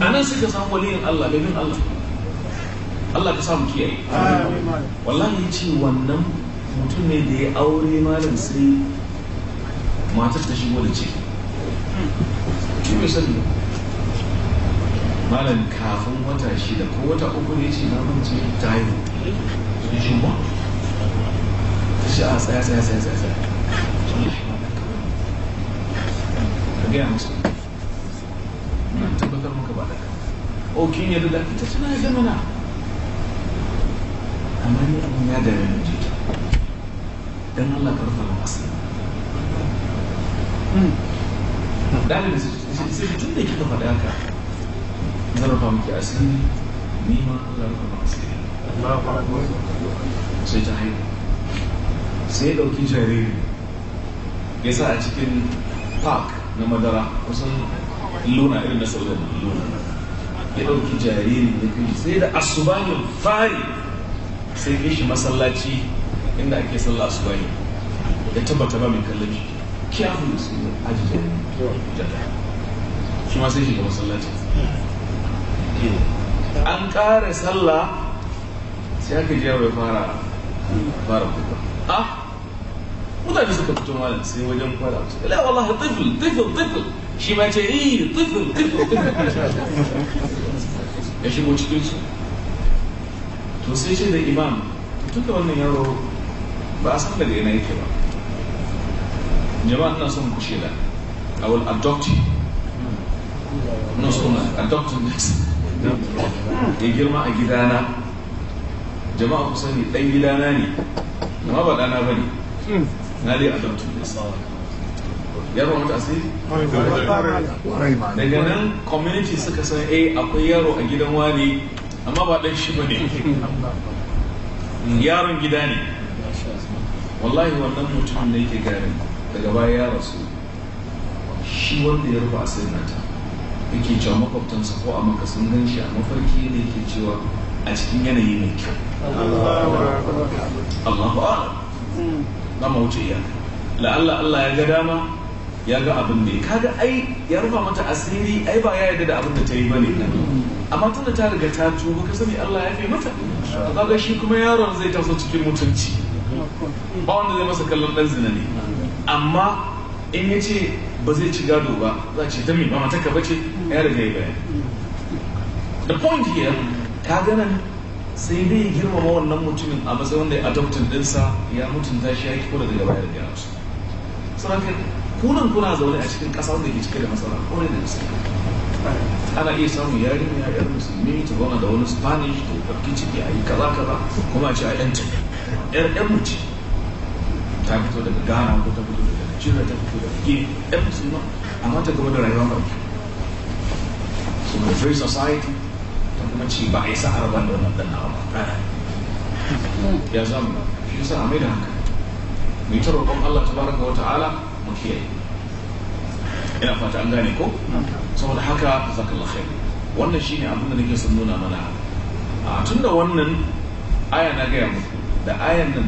a nan suka samu waliyin Allah da bin Allah Allah ka samu kiyaye wallahi ce wannan mutum ne da ya aure malam sai matar ta shigo da ce ki bai sani malam kafin wata shida ko wata uku ne ce na mance ta yi sun shi ba shi a tsaya tsaya tsaya tsaya gaya musu na tabbatar maka ba da ka o kin yadda da ita suna yadda mana amma ni abin ya dare na jita dan Allah karfa na masu hmm. dalibin sai tun da kika faɗa haka zarafa muke asiri ni ma zarafa ma asiri sai ta haihu sai ya ɗauki jariri ya sa a cikin park na madara kusan luna irin na sauran luna ya ɗauki jariri da kai sai da asubahin fari sai ya shi masallaci inda ake sallah asubahin ya tabbata ba mai kallon shi kyafin da su aji jariri shi ma sai shiga masallaci an kare sallah sai aka jiya ya fara fara kuka ah وقال لي سكت والد سي وجم لا والله طفل طفل طفل شي ما تعيد إيه، طفل طفل طفل ايش يقول شكل شيء؟ توصي شيء الامام قلت له والله يا رو بس كل اللي انا يكفى جماعه الناس هم كشيله او الادوبتي نصهم ادوبتي نفس يجي ما اجي انا جماعه حسيني اي لاناني ما بقى انا بني na dai adamtu ya ba mata asiri daga nan community suka san eh akwai yaro a gidan wani amma ba ɗan shi ba ne. yaron gida ne wallahi wannan mutumin da yake gari daga baya ya rasu shi wanda ya rufa asirin nata yake cewa makwabtansa ko a maka sun gan shi a mafarki ne yake cewa a cikin yanayi mai kyau Allahu za mu wuce iyaka la'alla Allah ya ga dama ya ga abin ne kaga ai ya rufa mata asiri ai ba ya yarda da abin da ta yi bane amma tun da ta riga ta tuba ka sani Allah ya fi mata kaga shi kuma yaron zai taso cikin mutunci ba wanda zai masa kallon dan zina ne amma in ya ce ba zai ci gado ba za ce ta ba mata ka bace ya riga ya bayan the point here ka ganan sai dai girmama wannan mutumin a matsayin da ya adoptin dinsa ya mutunta shi ya yi kula daga bayar da su saboda kunan kuna zaune a cikin ƙasa wanda ke cike da matsala kone da gaske ana iya samun yarinya yar musulmi ta zauna da wani spanish da ɗauki ciki a yi kaza kaza kuma a ce a yanci yar yan mace ta fito daga ghana ko ta fito daga nigeria ta fito daga gini yan musulma amma ta gama da rayuwa mai kyau so the free society mace ba a yi sahara ban da wannan ɗan ba ya zama ba shi yasa a mai da haka mai ta roƙon Allah ta baraka wa ta'ala mu kiyaye ina fata an gane ko saboda haka za ka khair wannan shine abin da nake son nuna mana a tun da wannan aya na gaya muku da ayan nan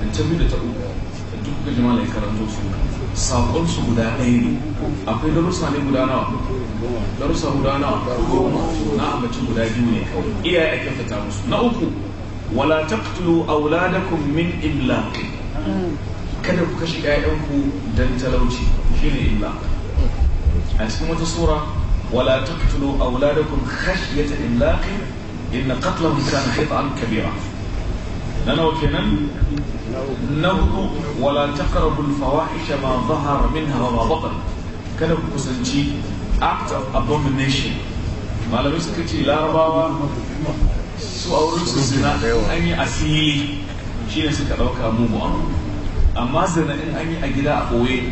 da ta biyu da ta uku da duk ga jama'a ya karanto su sakon su guda ɗaya ne akwai darussa ne guda nawa darussa guda nawa na ambaci guda biyu ne kawai iyaye a fita musu na uku wala taqtulu auladakum min imlaq kada ku kashe ƴaƴanku dan talauci shine imlaq a cikin wata sura wala taqtulu auladakum khashyata imlaq inna qatlahum kana khita'an kabira na nawa kenan na wala taqrabul fawahisha ma zahara minha wa ma batan kada ku kusanci act of abomination malamai suka ce larabawa su a wurin su zina an yi asili shi ne suka ɗauka mugu abu amma zina in an yi a gida a ɓoye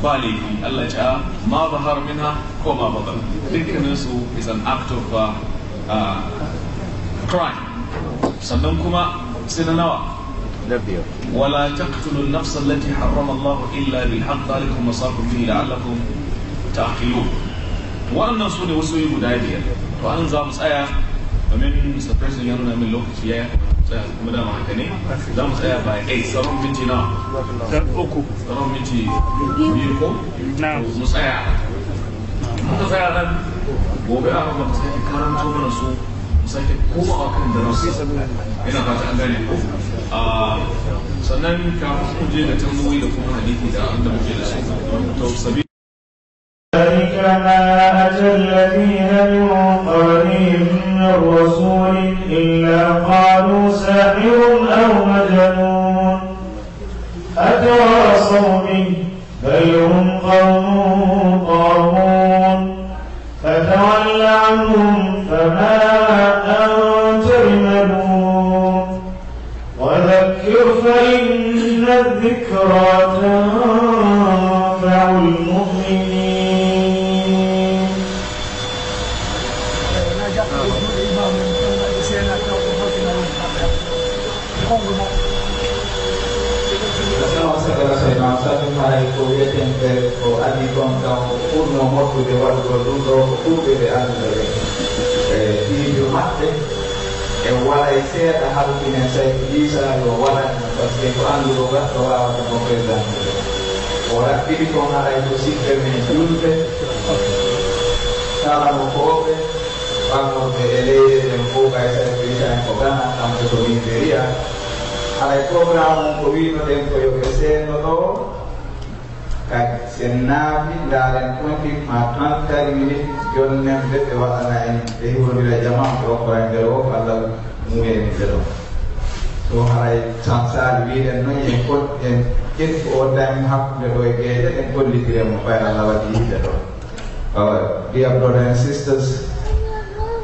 ba laifi Allah ya ma bahar minha ko ma batal dukkanin su is an act of uh, uh, crime sannan kuma سيدنا نبي ولا تقتلوا النفس التي حرم الله الا بالحق ذلكم مصابكم فيه لعلكم تعقلون وانا نصور وسوي بدايه وانا زعم سايا ومن سبريس يانونا من لوك فيا مدى ما كاني زعم سايا باي اي سرم بنتي نا سرم بنتي بيكو نعم مسايا مسايا غن وبيعرف مسايا كرم تو من السوق sannan kafin ku je da tambayoyi da kuma hadisi da an da muke da su to sabi ذلك ما أتى الذين and Hapdoy Gated and Kundikriam Painalawatihidaro. Our dear brothers and sisters,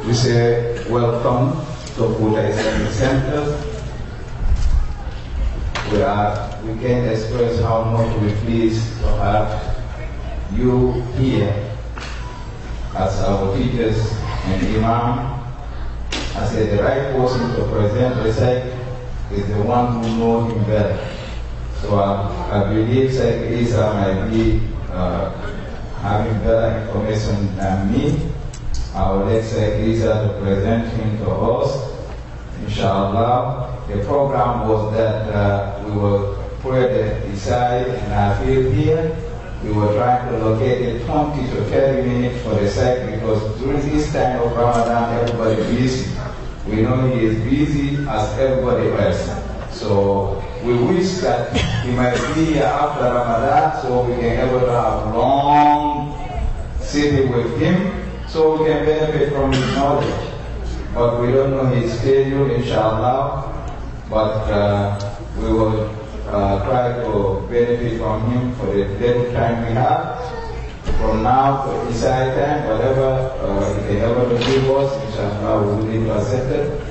we say welcome to Buddha Islamic Center. We are we can express how much we please to have you here as our teachers and imam. I say the right person to present the site is the one who knows him better. So I, I believe Sheikh Isa might be uh, having better information than me. I would like Isa to present him to us. Inshallah, the program was that uh, we will put the and I feel here. We were trying to locate a 20 to 30 minutes for the site because during this time of Ramadan, everybody busy. We know he is busy as everybody else. So we wish that he might be here after Ramadan so we can have a long sitting with him so we can benefit from his knowledge. But we don't know his schedule, inshallah. But uh, we will uh, try to benefit from him for the little time we have. From now to Isai time, whatever uh, he can ever give us, inshallah, we will be accepted.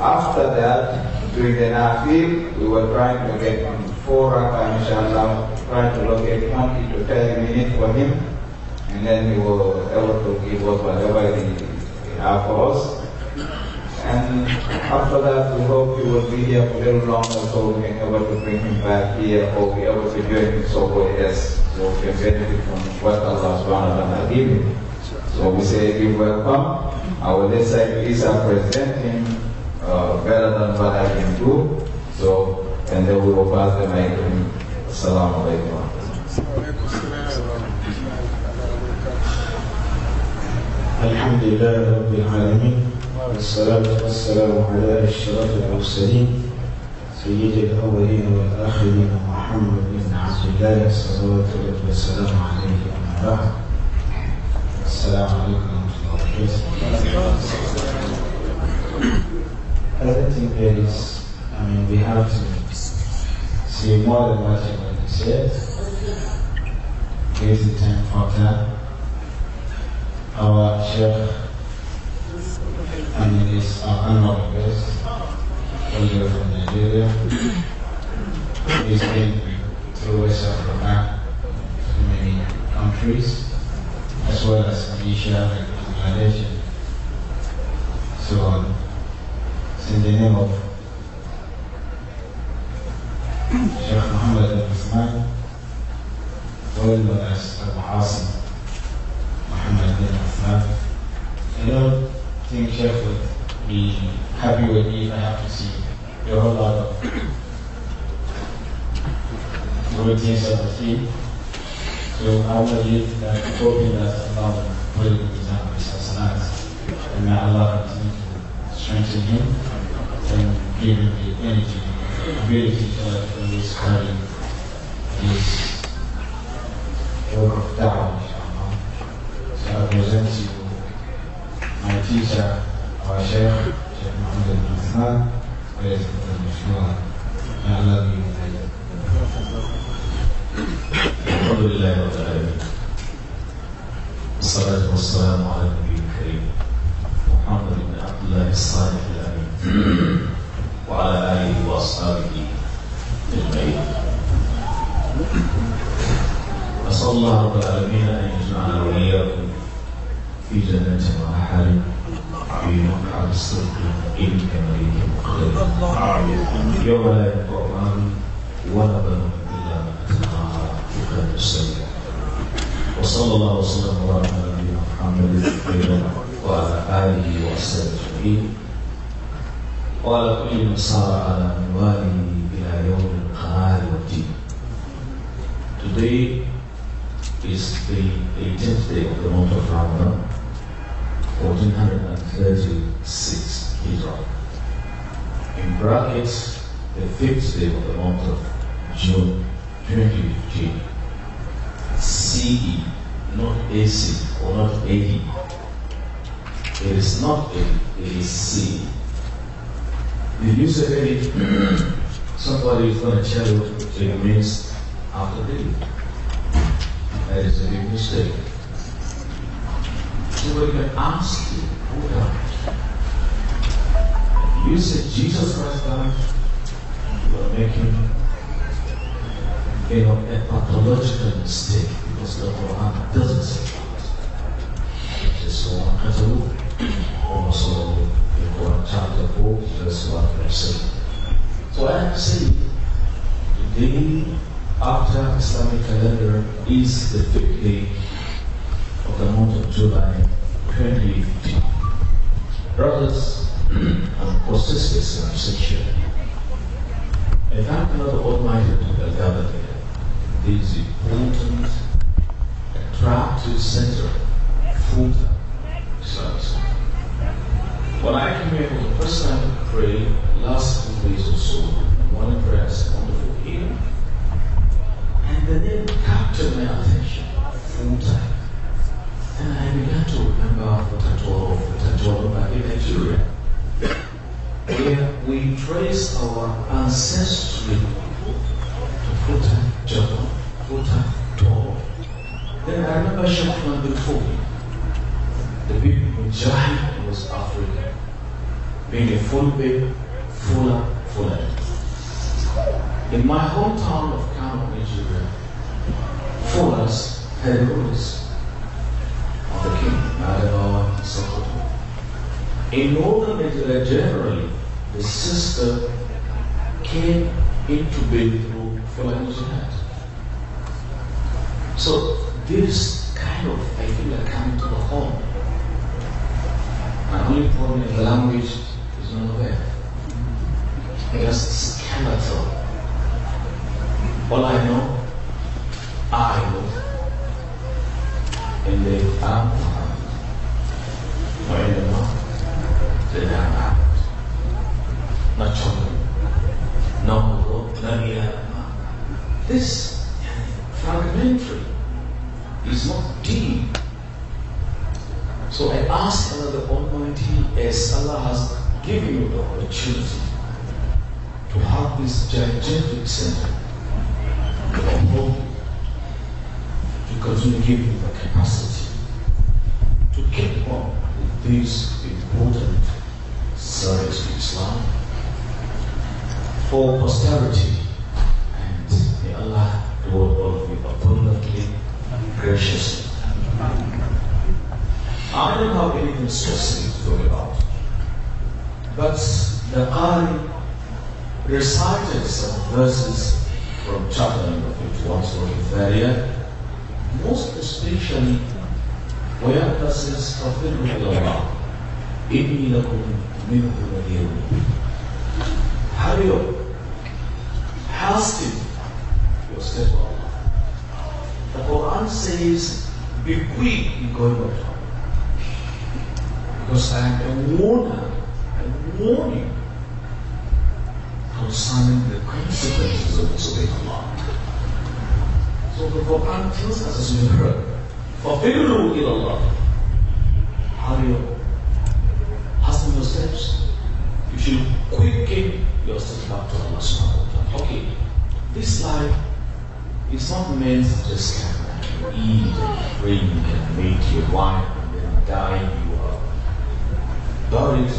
After that, during the Nafil, we were trying to get him four rakah, inshallah, trying to locate 20 to 30 minutes for him, and then we were able to give us whatever he, he had for us. And after that, we hope he will be here for a little longer so we can able to bring him back here or be able to join him somewhere else so we can benefit from what Allah subhanahu wa ta'ala gave him. So we say, give welcome. Our next side is present better than what I can do. So, and then we will pass the mic Assalamu alaikum. الحمد لله رب العالمين والصلاة والسلام على أشرف المرسلين سيد الأولين والآخرين محمد بن عبد الله صلوات الله وسلامه عليه أما بعد السلام عليكم ورحمة الله وبركاته everything here is, I mean, we have to see more than what you already said. Give the time for that. Our chef, I mean, is our honorable guest, also from Nigeria. He's been through West Africa, to many countries, as well as Asia and Malaysia, So, on. in the name of Sheikh Muhammad al Usman, well known as Abu Hassan Muhammad bin Usman. I don't think Sheikh would be happy with me if I have to see a whole lot of good things of the team. So I will leave that hoping that Allah will put it in the his hands and may Allah continue to strengthen him. giving me energy, ability to from this study, this work of doubt. So I present to you my teacher, our Sheikh, Sheikh Muhammad al-Rahman, where is Mr. Mushmah? May Allah be الحمد لله رب العالمين والصلاة والسلام على النبي الكريم محمد بن عبد الله الصالح الأمين وعلى آله وأصحابه أجمعين أسأل الله رب العالمين أن يجمعنا وإياكم في جنة ورحل في موقع الصدق المقيم كماليه مقدر يوم لا ينفع مال ولا بنون إلا ما أتقاها خير السيئة وصلى الله وسلم وبارك على نبينا محمد وعلى آله وأصحابه أجمعين صار على منواله إلى يوم القرار والدين Today is the 18th day of the month of Ramadan 1436 Hijrah in brackets the fifth day of the month of June 2015 CE not AC or not AD it is not AD it is CE you say edit, somebody is going to tell you it means after reading. That is a big mistake. Somebody can ask you, who died? You said Jesus Christ died, you are making you know, a pathological mistake because the Quran doesn't say that. It's so unacceptable. Also, or chapter 4, verse 1 verse 8. So I am saying, the after Islamic calendar is the fifth day of the month of July 2018. Brothers and sisters in our section, I thank God Almighty to gather here. This important, attractive center, food. time when I came here for the first time to pray last two days or so. One prayer is wonderful here. And the name captured my attention full time. And I began to remember the Futatoro back in Nigeria, where we trace our ancestry to Futa, Japan, Futa, Toro. Then I remember Shakman before. The big Mujahid was African being a full bib, fuller, fuller. In my hometown of Kano, Nigeria, fullers had rulers of the king, Nadawa Sokoto. In northern Nigeria, generally, the sister came into being through fuller engineers. So this kind of idea came to the home. My only problem is language nowhere. I just scammered through. All I know, I know. And they are bound. Or in the mouth, they are bound. Not children. No no, no real. This fragmentary is not deep. So I ask another Almighty, as Allah has give you the opportunity to have this gigantic center to uphold to continue giving you the capacity to keep on with this important service to Islam for posterity and may Allah reward all of you abundantly, and graciously. I don't have anything specific to talk about but the early recited some verses from chapter number 51, sort of area, most especially where it says, Allah, إِنِّي لَكُمْ مِنْهُ نَذِيرٌ Hurry up, hasten your step to Allah. The Quran says, be quick in going out. Because I am a warner warning concerning the consequences of disobeying Allah. So the Quran tells us as we heard, فَفِرُّوا إِلَى اللَّهِ Are you asking yourselves? You should quicken yourself back to Allah subhanahu wa ta'ala. Okay, this life is not meant to just come eat and drink and make your wife and then die you are buried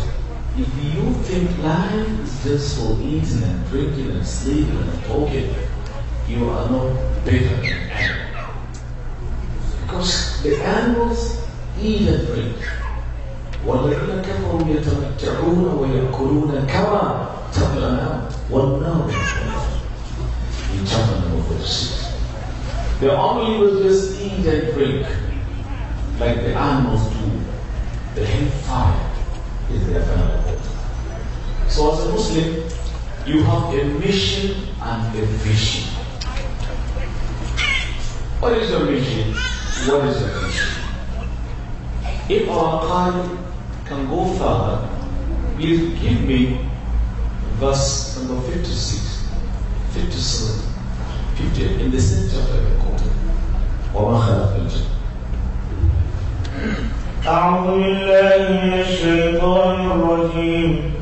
if you think life is just for eating and drinking and sleeping and talking, you are not better than animals. Because the animals eat and drink. والذين كفروا يتمتعون ويأكلون كما تأكل الأنعام والنار eternal mothers. The unbelievers just eat and drink like the animals do. The hellfire is their family. So as a Muslim, you have a mission and a vision. What is your mission? What is your vision? If our Quran can go further, please give me verse number 56, 57, 58 in the same chapter of the Quran. أعوذ بالله من الشيطان الرجيم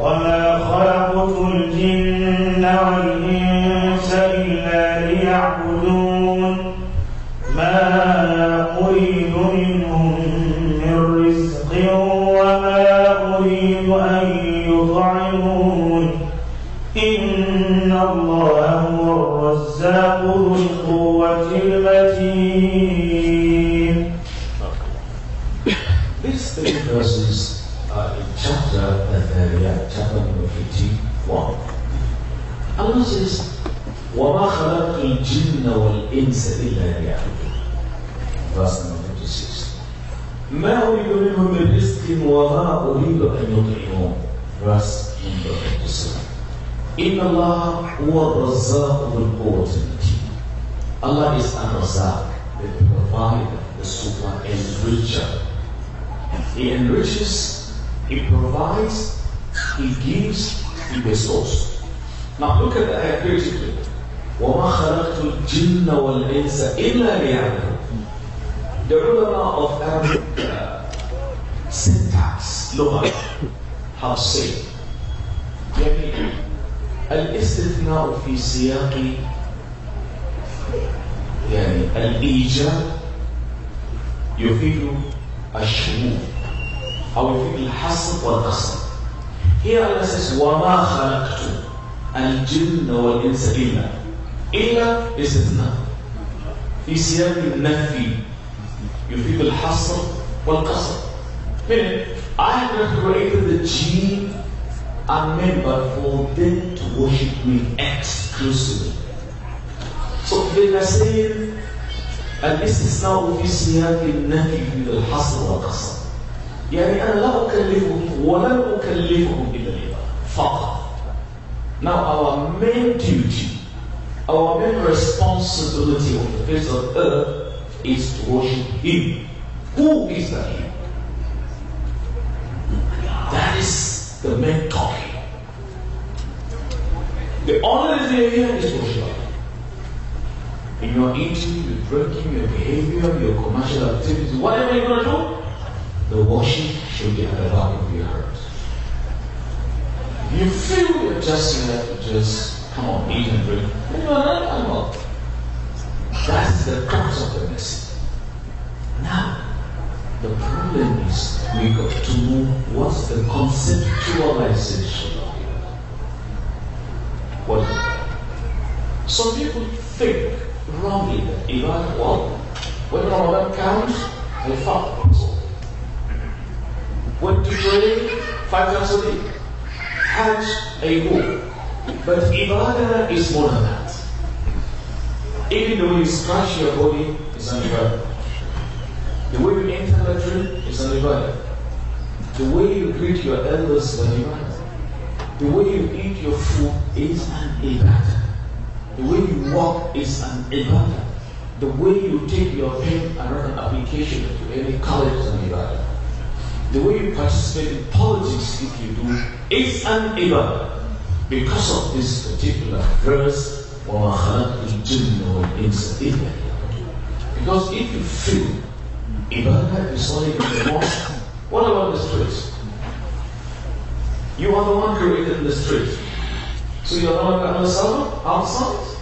وما خلقت الجن والإنس إلا ليعبدون ما أريد منهم من رزق وما أريد أن يطعمون إن الله هو الرزاق مسكين وما أريد أن يطعمون رأس number 27 إن الله هو الرزاق ذو القوة الله Allah is رزاق the provider the super enricher He enriches He provides He gives He bestows Now look at the ayah critically وما خلقت الجن والإنس إلا ليعبدون The ulama of Arabic لغة حرصية يعني الاستثناء في سياق يعني الإيجاب يفيد الشمول أو يفيد الحصر والقصر هي على أساس وما خلقت الجن والإنس إلا إلا استثناء في سياق النفي يفيد الحصر والقصر من I have created the G a member for them to worship me exclusively. So they are saying, الاستثناء في سياق النفي للحصر والقصر. يعني أنا لا أكلفهم ولا أكلفهم إلا العبادة فقط. Now our main duty, our main responsibility on the face of earth is to worship Him. Who is that Him? That is the main topic. The only reason you're here is social. In your eating, your drinking, your behavior, your commercial activities, whatever you're going to do, the worship should be at the back of your heart. You feel you're just here to just come on, eat and drink. Then you're another animal. That's the crux of the message. Now, the problem is we got to know what's the conceptualization What is it? Some people think wrongly that I, well, when Ramadan comes, I fast. When to pray, five times a day. Hajj, I go. But Ibadah is more than that. Even the way you scratch your body is an Ibadah. The way you enter the luxury is an ibadah. The way you greet your elders is an ibadah. The way you eat your food is an ibadah. The way you walk is an ibadah. The way you take your pen and write an application to any college is an ibadah. The way you participate in politics, if you do, is an ibadah. Because of this particular verse, وَمَا خَلَقْتُ الْجِنَّ وَالْإِنسَ إِلَّا Because if you feel ibadah is not in the mosque. What about the streets? You are the one created the street. So you are not another servant outside?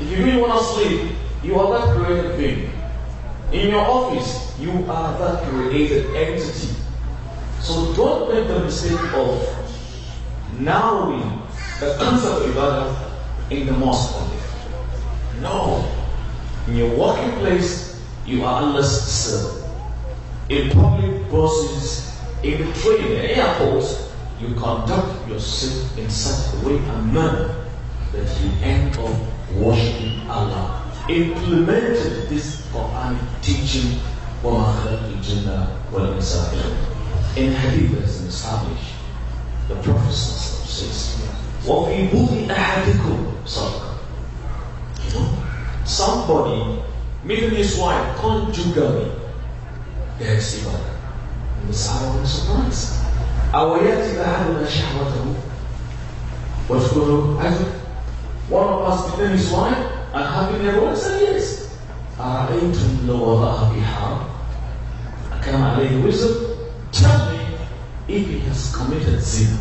If you really want to sleep, you are that created being. In your office, you are that created entity. So don't make the mistake of narrowing the concept of ibadah in the mosque only. No. In your working place, you are Allah's servant. In public buses, in train, in airports, you conduct yourself in such a way and manner that you end up worshiping Allah. Implemented this Quranic teaching in hadith that has established. The Prophet says, وَفِي بُوْضِ أَحَدِكُمْ صَدْقَ Somebody the Mira nisso, olha, conjugando. Perceba. Sabe isso nós? أويتبعنا شهوته واذكروا أجل One of us did his wife and having a I said yes. أرأيتم how. I بحرام lay the wisdom Tell me if he has committed sin,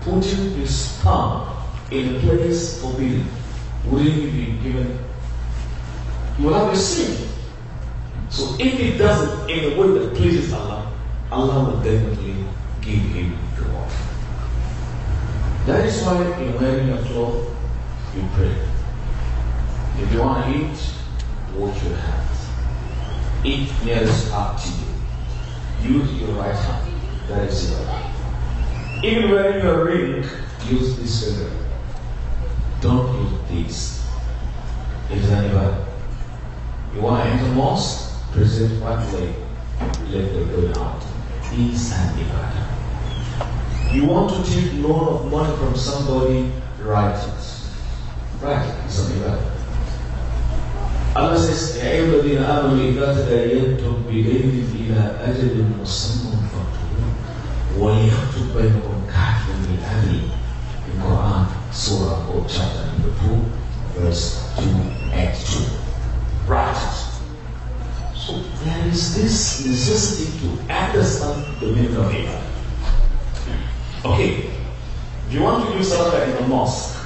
putting his palm in a place forbidden, wouldn't he be given you will have your sin. So if he does it in a way that pleases Allah, Allah will definitely give him reward. That is why in wearing your cloth, you pray. If you want to eat, wash your hands. Eat nearest up to you. Use your right hand. That is your right. Even wearing your ring, use this finger. Don't use this. Is anybody? You want to enter mosque? Present what way? Let the road out. These are ibadah. You want to take loan of money from somebody? Write it. Right, it's an Allah says, يَا أَيُّهَا الَّذِينَ آمَنُوا إِذَا تَدَايَنْتُمْ بِدَيْنٍ إِلَى أَجَلٍ مُّسَمًّى فَاكْتُبُوهُ وَلْيَكْتُبْ بَيْنَكُمْ كَاتِبٌ بِالْعَدْلِ In Quran, Surah 4, chapter number 2, verse 2 and 2 rises. So there is this necessity to understand the meaning of it. Okay, if you want to do salah in a mosque,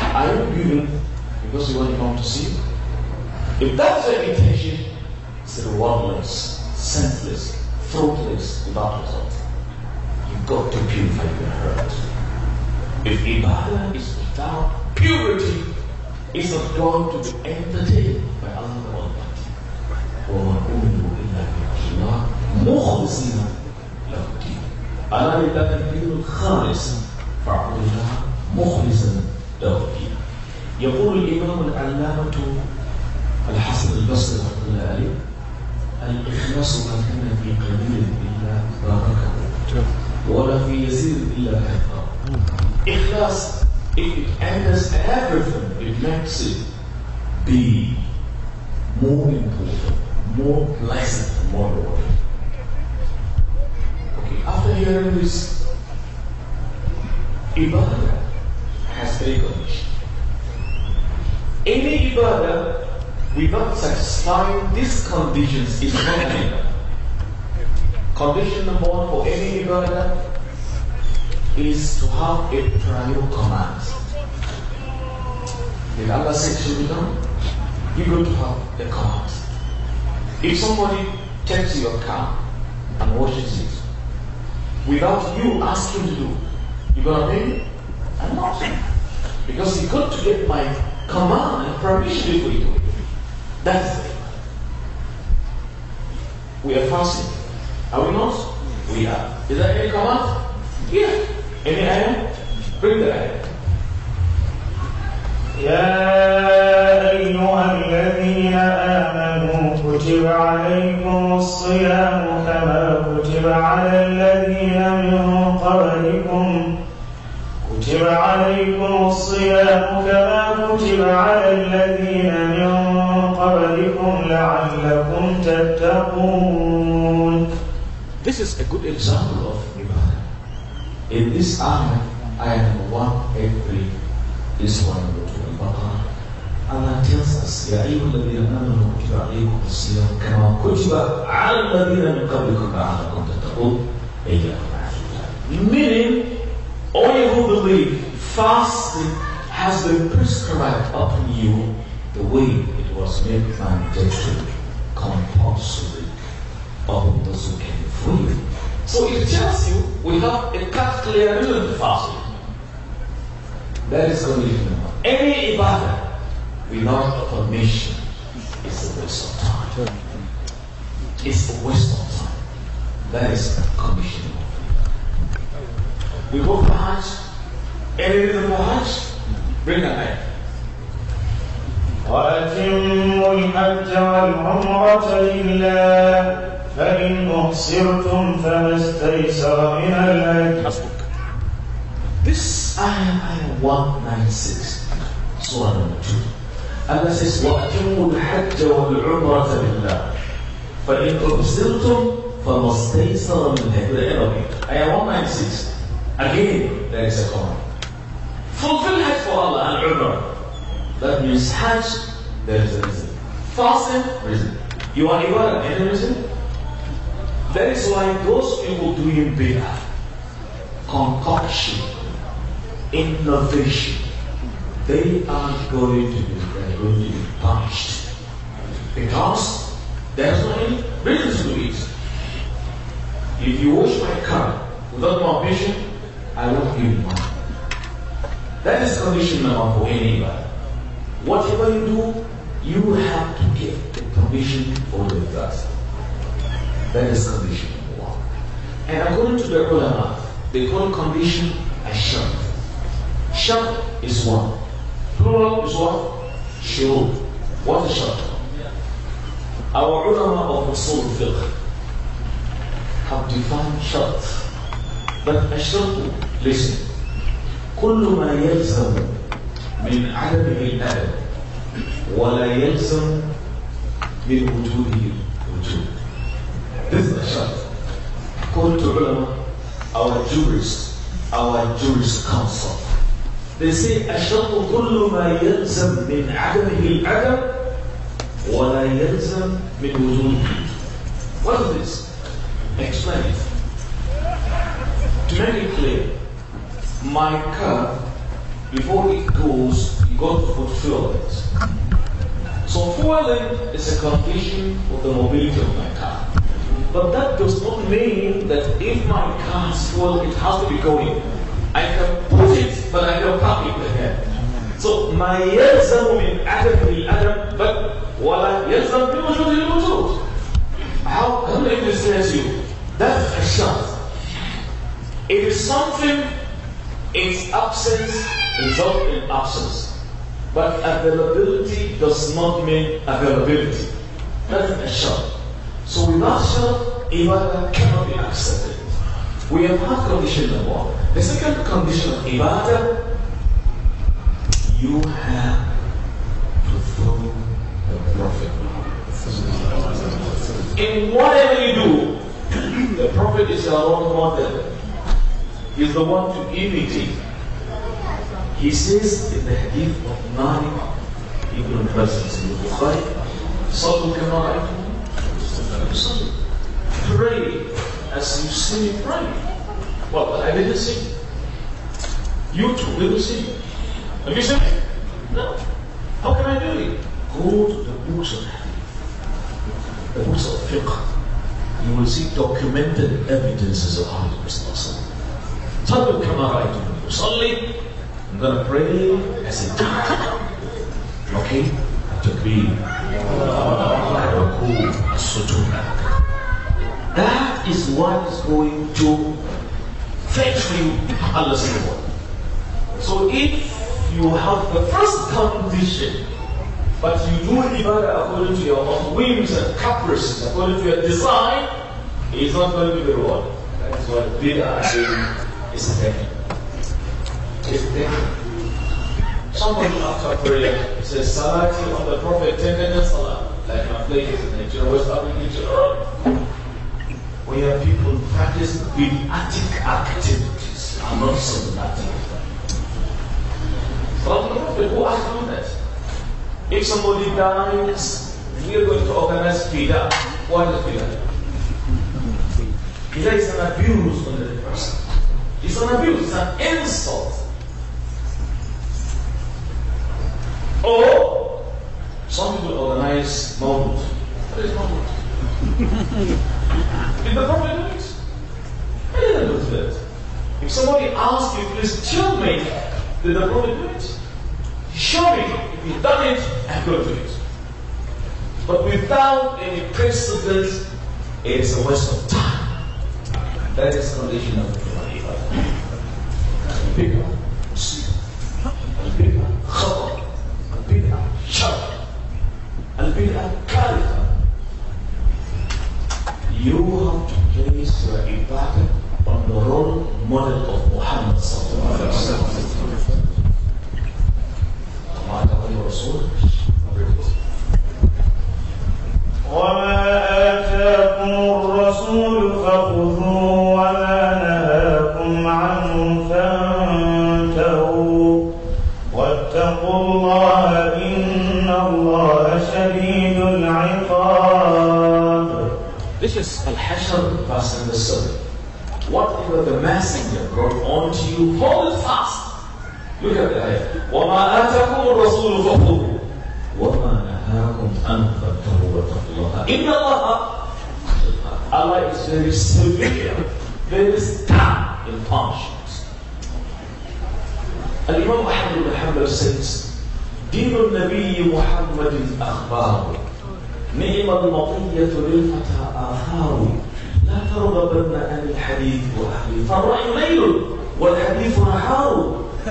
are you giving because you want to come to see? If that's your intention, it's rewardless, senseless, fruitless, without result. You've got to purify your heart. If ibadah is without purity, is not going to be entertained by Allah Almighty. وما أمروا إلا بالله الله مخلصين له الدين. ألا لله الدين الخالص فاعبدوا الله مخلصا له الدين. يقول الإمام العلامة الحسن البصري رحمه الله عليه الإخلاص ما كان في قليل إلا باركه ولا في يسير إلا كفاره. إخلاص It enters everything. It makes it be more important, more pleasant, more rewarding. Okay, after hearing this, Ibadah has taken. Any Ibadah without satisfying these conditions is not an Condition number one for any Ibadah is to have a prior command. If Allah say to should be done? You're going to have a command. If somebody takes your car and washes it without you asking to do, you're going to pay? I'm not. Because you got to get my command and permission before you do it. That's it. We are fasting. Are we not? We are. Is that any command? Yeah. ايه الآية؟ كل الآية يا أيها الذين آمنوا كتب عليكم الصيام كما كتب على الذين من قبلكم كتب عليكم الصيام كما كتب على الذين من قبلكم لعلكم تتقون This is a good example of In this ayah, ayah number every this one number 2 Allah tells us, يَا أَيُّهَا الَّذِينَ آمَنُوا كُتِبَ عَلَيْكُمُ الصِّيَامُ كَمَا كُتِبَ عَلَى الَّذِينَ مِن قَبْلِكُمْ لَعَلَّكُمْ تَتَّقُونَ إِيَّاكُمْ عَلَيْهِ Meaning, all you who believe, fasting has been prescribed upon you the way it was made mandatory, compulsory, upon those who can before you. So it tells you we have a cut clear fast. That is condition number. Any ibadah without permission is a waste of time. It's a waste of time. That is condition number. We go for Hajj. Any reason for Hajj? Bring an ayah. وأتموا الحج والعمرة لله فإن أحصرتم فما استيسر من الهدي حسبك This آية ayah 196, سورة number 2. Allah says, وَأَتِمُّوا الْحَجَّ وَالْعُمْرَةَ لِلَّهِ فَإِنْ أُبْصِرْتُمْ فَمَا اسْتَيْسَرَ مِنْ هَدِي آية 196. Again, there is a command. Fulfill Hajj for Allah and Umrah. That means Hajj, there is a reason. Fasting, reason. You want Ibadah, any reason? That is why those people doing better concoction, innovation. They are going to be going to be punished because there's no business reason to it. If you wash my car without my permission, I won't give you money. That is condition number for anybody. Whatever you do, you have to give the permission for the dust. That is condition number one. And according to the ulama, they call condition a shart. Shart is one. Plural is what? Shurut. What is shart? Our ulama of Usul fiqh have defined shart. But a shart, listen. كل ما يلزم من عدمه الأدب ولا يلزم من وجوده وجود This is a shot. Go to ulama, our jurist, our jurist counsel. They say, الشرط كل ما يلزم من عدمه العدم ولا يلزم من وجوده. What is this? Explain it. To make it clear, my car, before it goes, you got to put fuel in it. So fueling is a condition of the mobility of my car. But that does not mean that if my car is full, it has to be going. I can put it, but I can park it there. So ما Adam من عدم I بل ولا يلزم in the الوجود. How can I illustrate you? That's a shot. It is something, its absence results in absence. But availability does not mean availability. That's a shot. So without help, ibadah cannot be accepted. We have had condition number one. The second condition of ibadah, you have to follow the Prophet. In whatever you do, the Prophet is our role model. He's the one to imitate. He says in the hadith of Malik ibn Qasim, Bukhari, صلوا كما رأيتم Pray as you see me pray. Well, I didn't see. You too didn't see. Have you seen me? No. How can I do it? Go to the books of heaven, the books of fiqh. You will see documented evidences of how the Prophet Tell me, come out, I do. Suddenly, I'm going to pray as a doctor. Okay? To be. Sutura. That is what is going to fetch you Allah's reward. So if you have the first condition, but you do it according to your own whims and caprices, according to your design, it's not going to be rewarded. That is what bid'ah is attacking. It's attacking. Somebody after prayer says, Salati on the Prophet, tenderness, salat like my players in Nigeria, West Africa, Nigeria. We have people practice bid'atic activities and not sunnatic. But the Prophet, who are doing that? If somebody dies, we are going to organize fida. What is fida? It's like it's an abuse on the person. It's an abuse, it's an insult. Oh. Some people organize Mawlud. What is Mawlud? Did the Prophet do it? I didn't do that. If somebody asks you, please tell me, did the Prophet do it? Show me. If you've done it, I'm going to do it. But without any precedent, it's a waste of time. That is condition of Bid'ah. Bid'ah. Bid'ah. Bid'ah. Shirk. البدعة كارثة You have to place your impact on the role model of Muhammad sallallahu alaihi wasallam. طبعا تقول الرسول وما آتاكم الرسول فخذوه وما آتاكم الرسول فخذوه وما نهاكم أن تتقوا واتقوا الله إن الله Allah is very severe, very stern in punishments. الإمام أحمد بن حنبل says, دين النبي محمد أخباره نعم المطية للفتى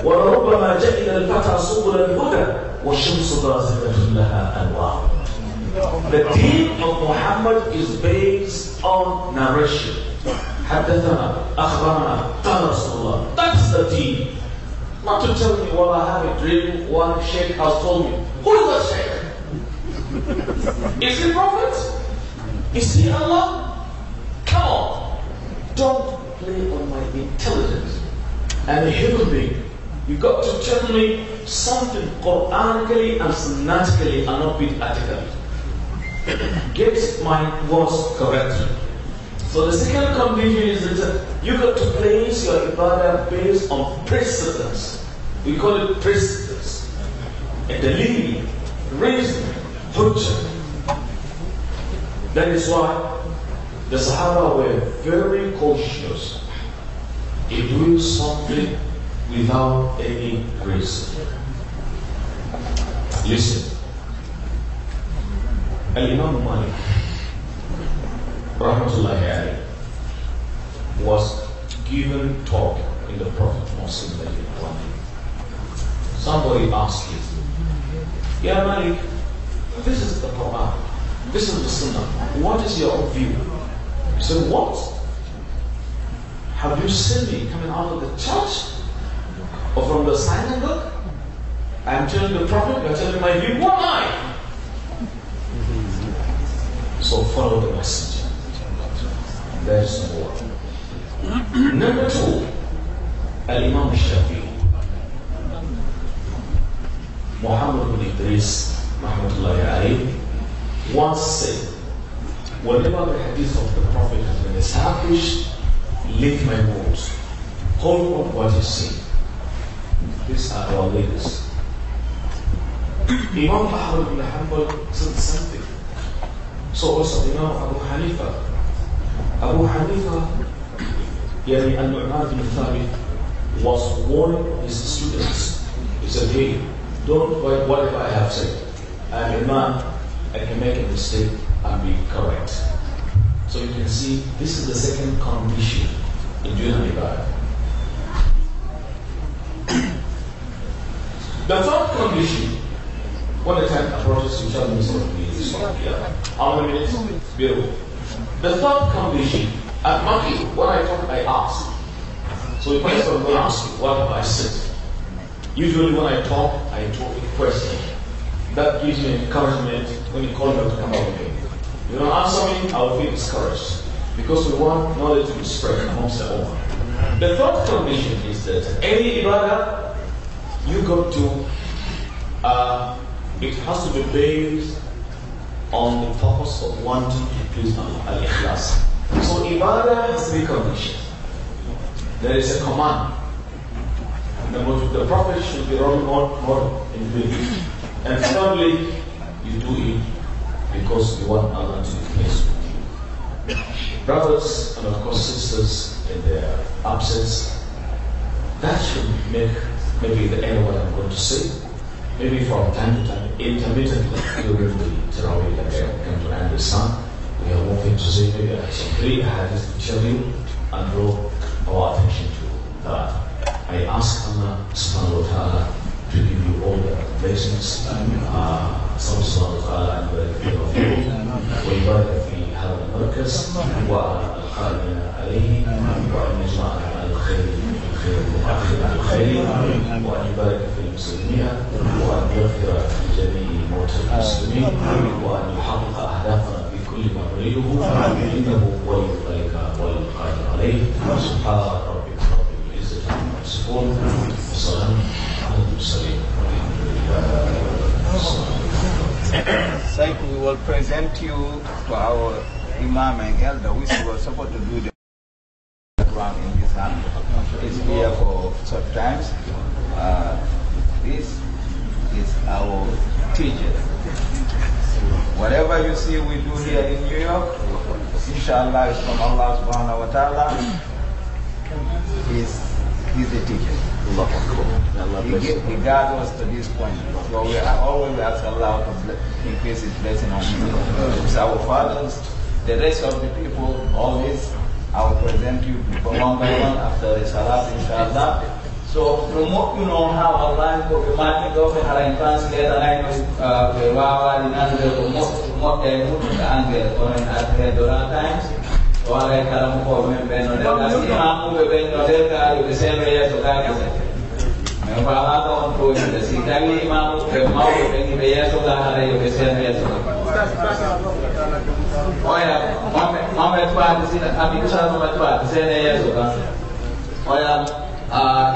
جعل الفتى والشمس لها أنوار The deen of Muhammad is based on narration. حدثنا أخبرنا قال رسول الله That's the deen. Not to tell me, what I have a dream, what sheikh has told me. Who is the sheikh? is he prophet? Is he Allah? Come on. Don't play on my intelligence. and a human being. You've got to tell me something Quranically and Sunnatically and not bid'atically. Get my words correctly. So the second condition is that you've got to place your ibadah based on precedence. We call it precedence. A delineate, reason, hujjah. That is why the Sahaba were very cautious in doing something without any reason. Listen. Al-Imam Malik Rahmatullahi was given talk in the Prophet Muslim Somebody asked him, Yeah Malik, this is the Quran, this is the Sunnah. What is your view? He said, What? Have you seen me coming out of the church? or from the silent book. I'm telling the prophet, you're telling my view. What I? So follow the messenger. There is number one. number two, Al Imam Shafi. Muhammad bin Idris, Mahmatullahi alayhi, once said, Whenever the hadith of the Prophet has been established, leave my words. Hold on what you say. These are our leaders. Imam Ahmad ibn Hanbal said the same thing. So also Imam Abu Hanifa. Abu Hanifa, Yani al-Nu'man bin Thabit, was warning his students. He said, hey, don't worry whatever I have said. I am a man, I can make a mistake and be correct. So you can see this is the second condition in Judah Ibadah. The third condition, when the time approaches, you shall miss it. Yeah. How many minutes? The third condition, at Maki, when I talk, I ask. So if I start to ask you, what have I said? Usually when I talk, I talk with question. That gives me encouragement when you call me to come out with me. You don't answer me, I will feel discouraged. Because we want knowledge to be spread amongst the all. The third condition is that any ibadah you got to, uh, it has to be based on the purpose of wanting to please Allah, al-ikhlas. So ibadah has to be conditioned. There is a command. The, the prophet should be role model in belief. And thirdly, you do it because you want Allah to be pleased with you. Brothers and of course sisters in their absence, that should make maybe the end of what I'm going to say, Maybe from time to time, intermittently during the Tarawih, that I come to understand, Sun, we are walking to see maybe I some three hadith to tell you and draw our attention to that. I ask Allah subhanahu wa ta'ala to give you all the blessings, uh, some subhanahu wa ta'ala and the good of you. ويبارك في هذا المركز وعلى القائمين عليه وأن يجمعنا وأخذ الخير وأن يبارك في مسلميها وأن يغفر جميع موت المسلمين وأن يحقق أهدافنا في كل ما نريده إنه ولي ذلك ولي والقادر عليه سبحان ربك رب العزة عما يصفون وسلام على المرسلين والحمد لله Thank you. We will present you to our Imam and Elder, which we were supposed to do. sometimes uh, this is our teacher. Whatever you see we do here in New York, inshallah, is from Allah subhanahu wa ta'ala. He's, he's the teacher. He, he guided us to this point. So we are always ask Allah to increase His blessing on us. It's our fathers, the rest of the people, all these I will present you one by one after the salat, inshallah. So from what you know how Allah problematic of Haran translate and I know the Wawa, the Nazir, from what, from what they put the angle on at the Doran times, wala kalamu ko men beno de the si The mu be beno de ka yu be Muhammad Fuad is in Abu Shah Muhammad Fuad, Zene Yazuka. Oya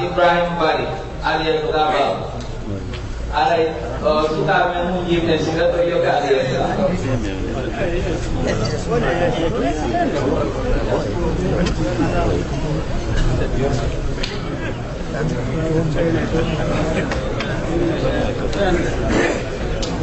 Ibrahim Bari, Ali Al Kutaba. Ali Kutaba Memun Yim and Sinato Yoga Ali Yazuka.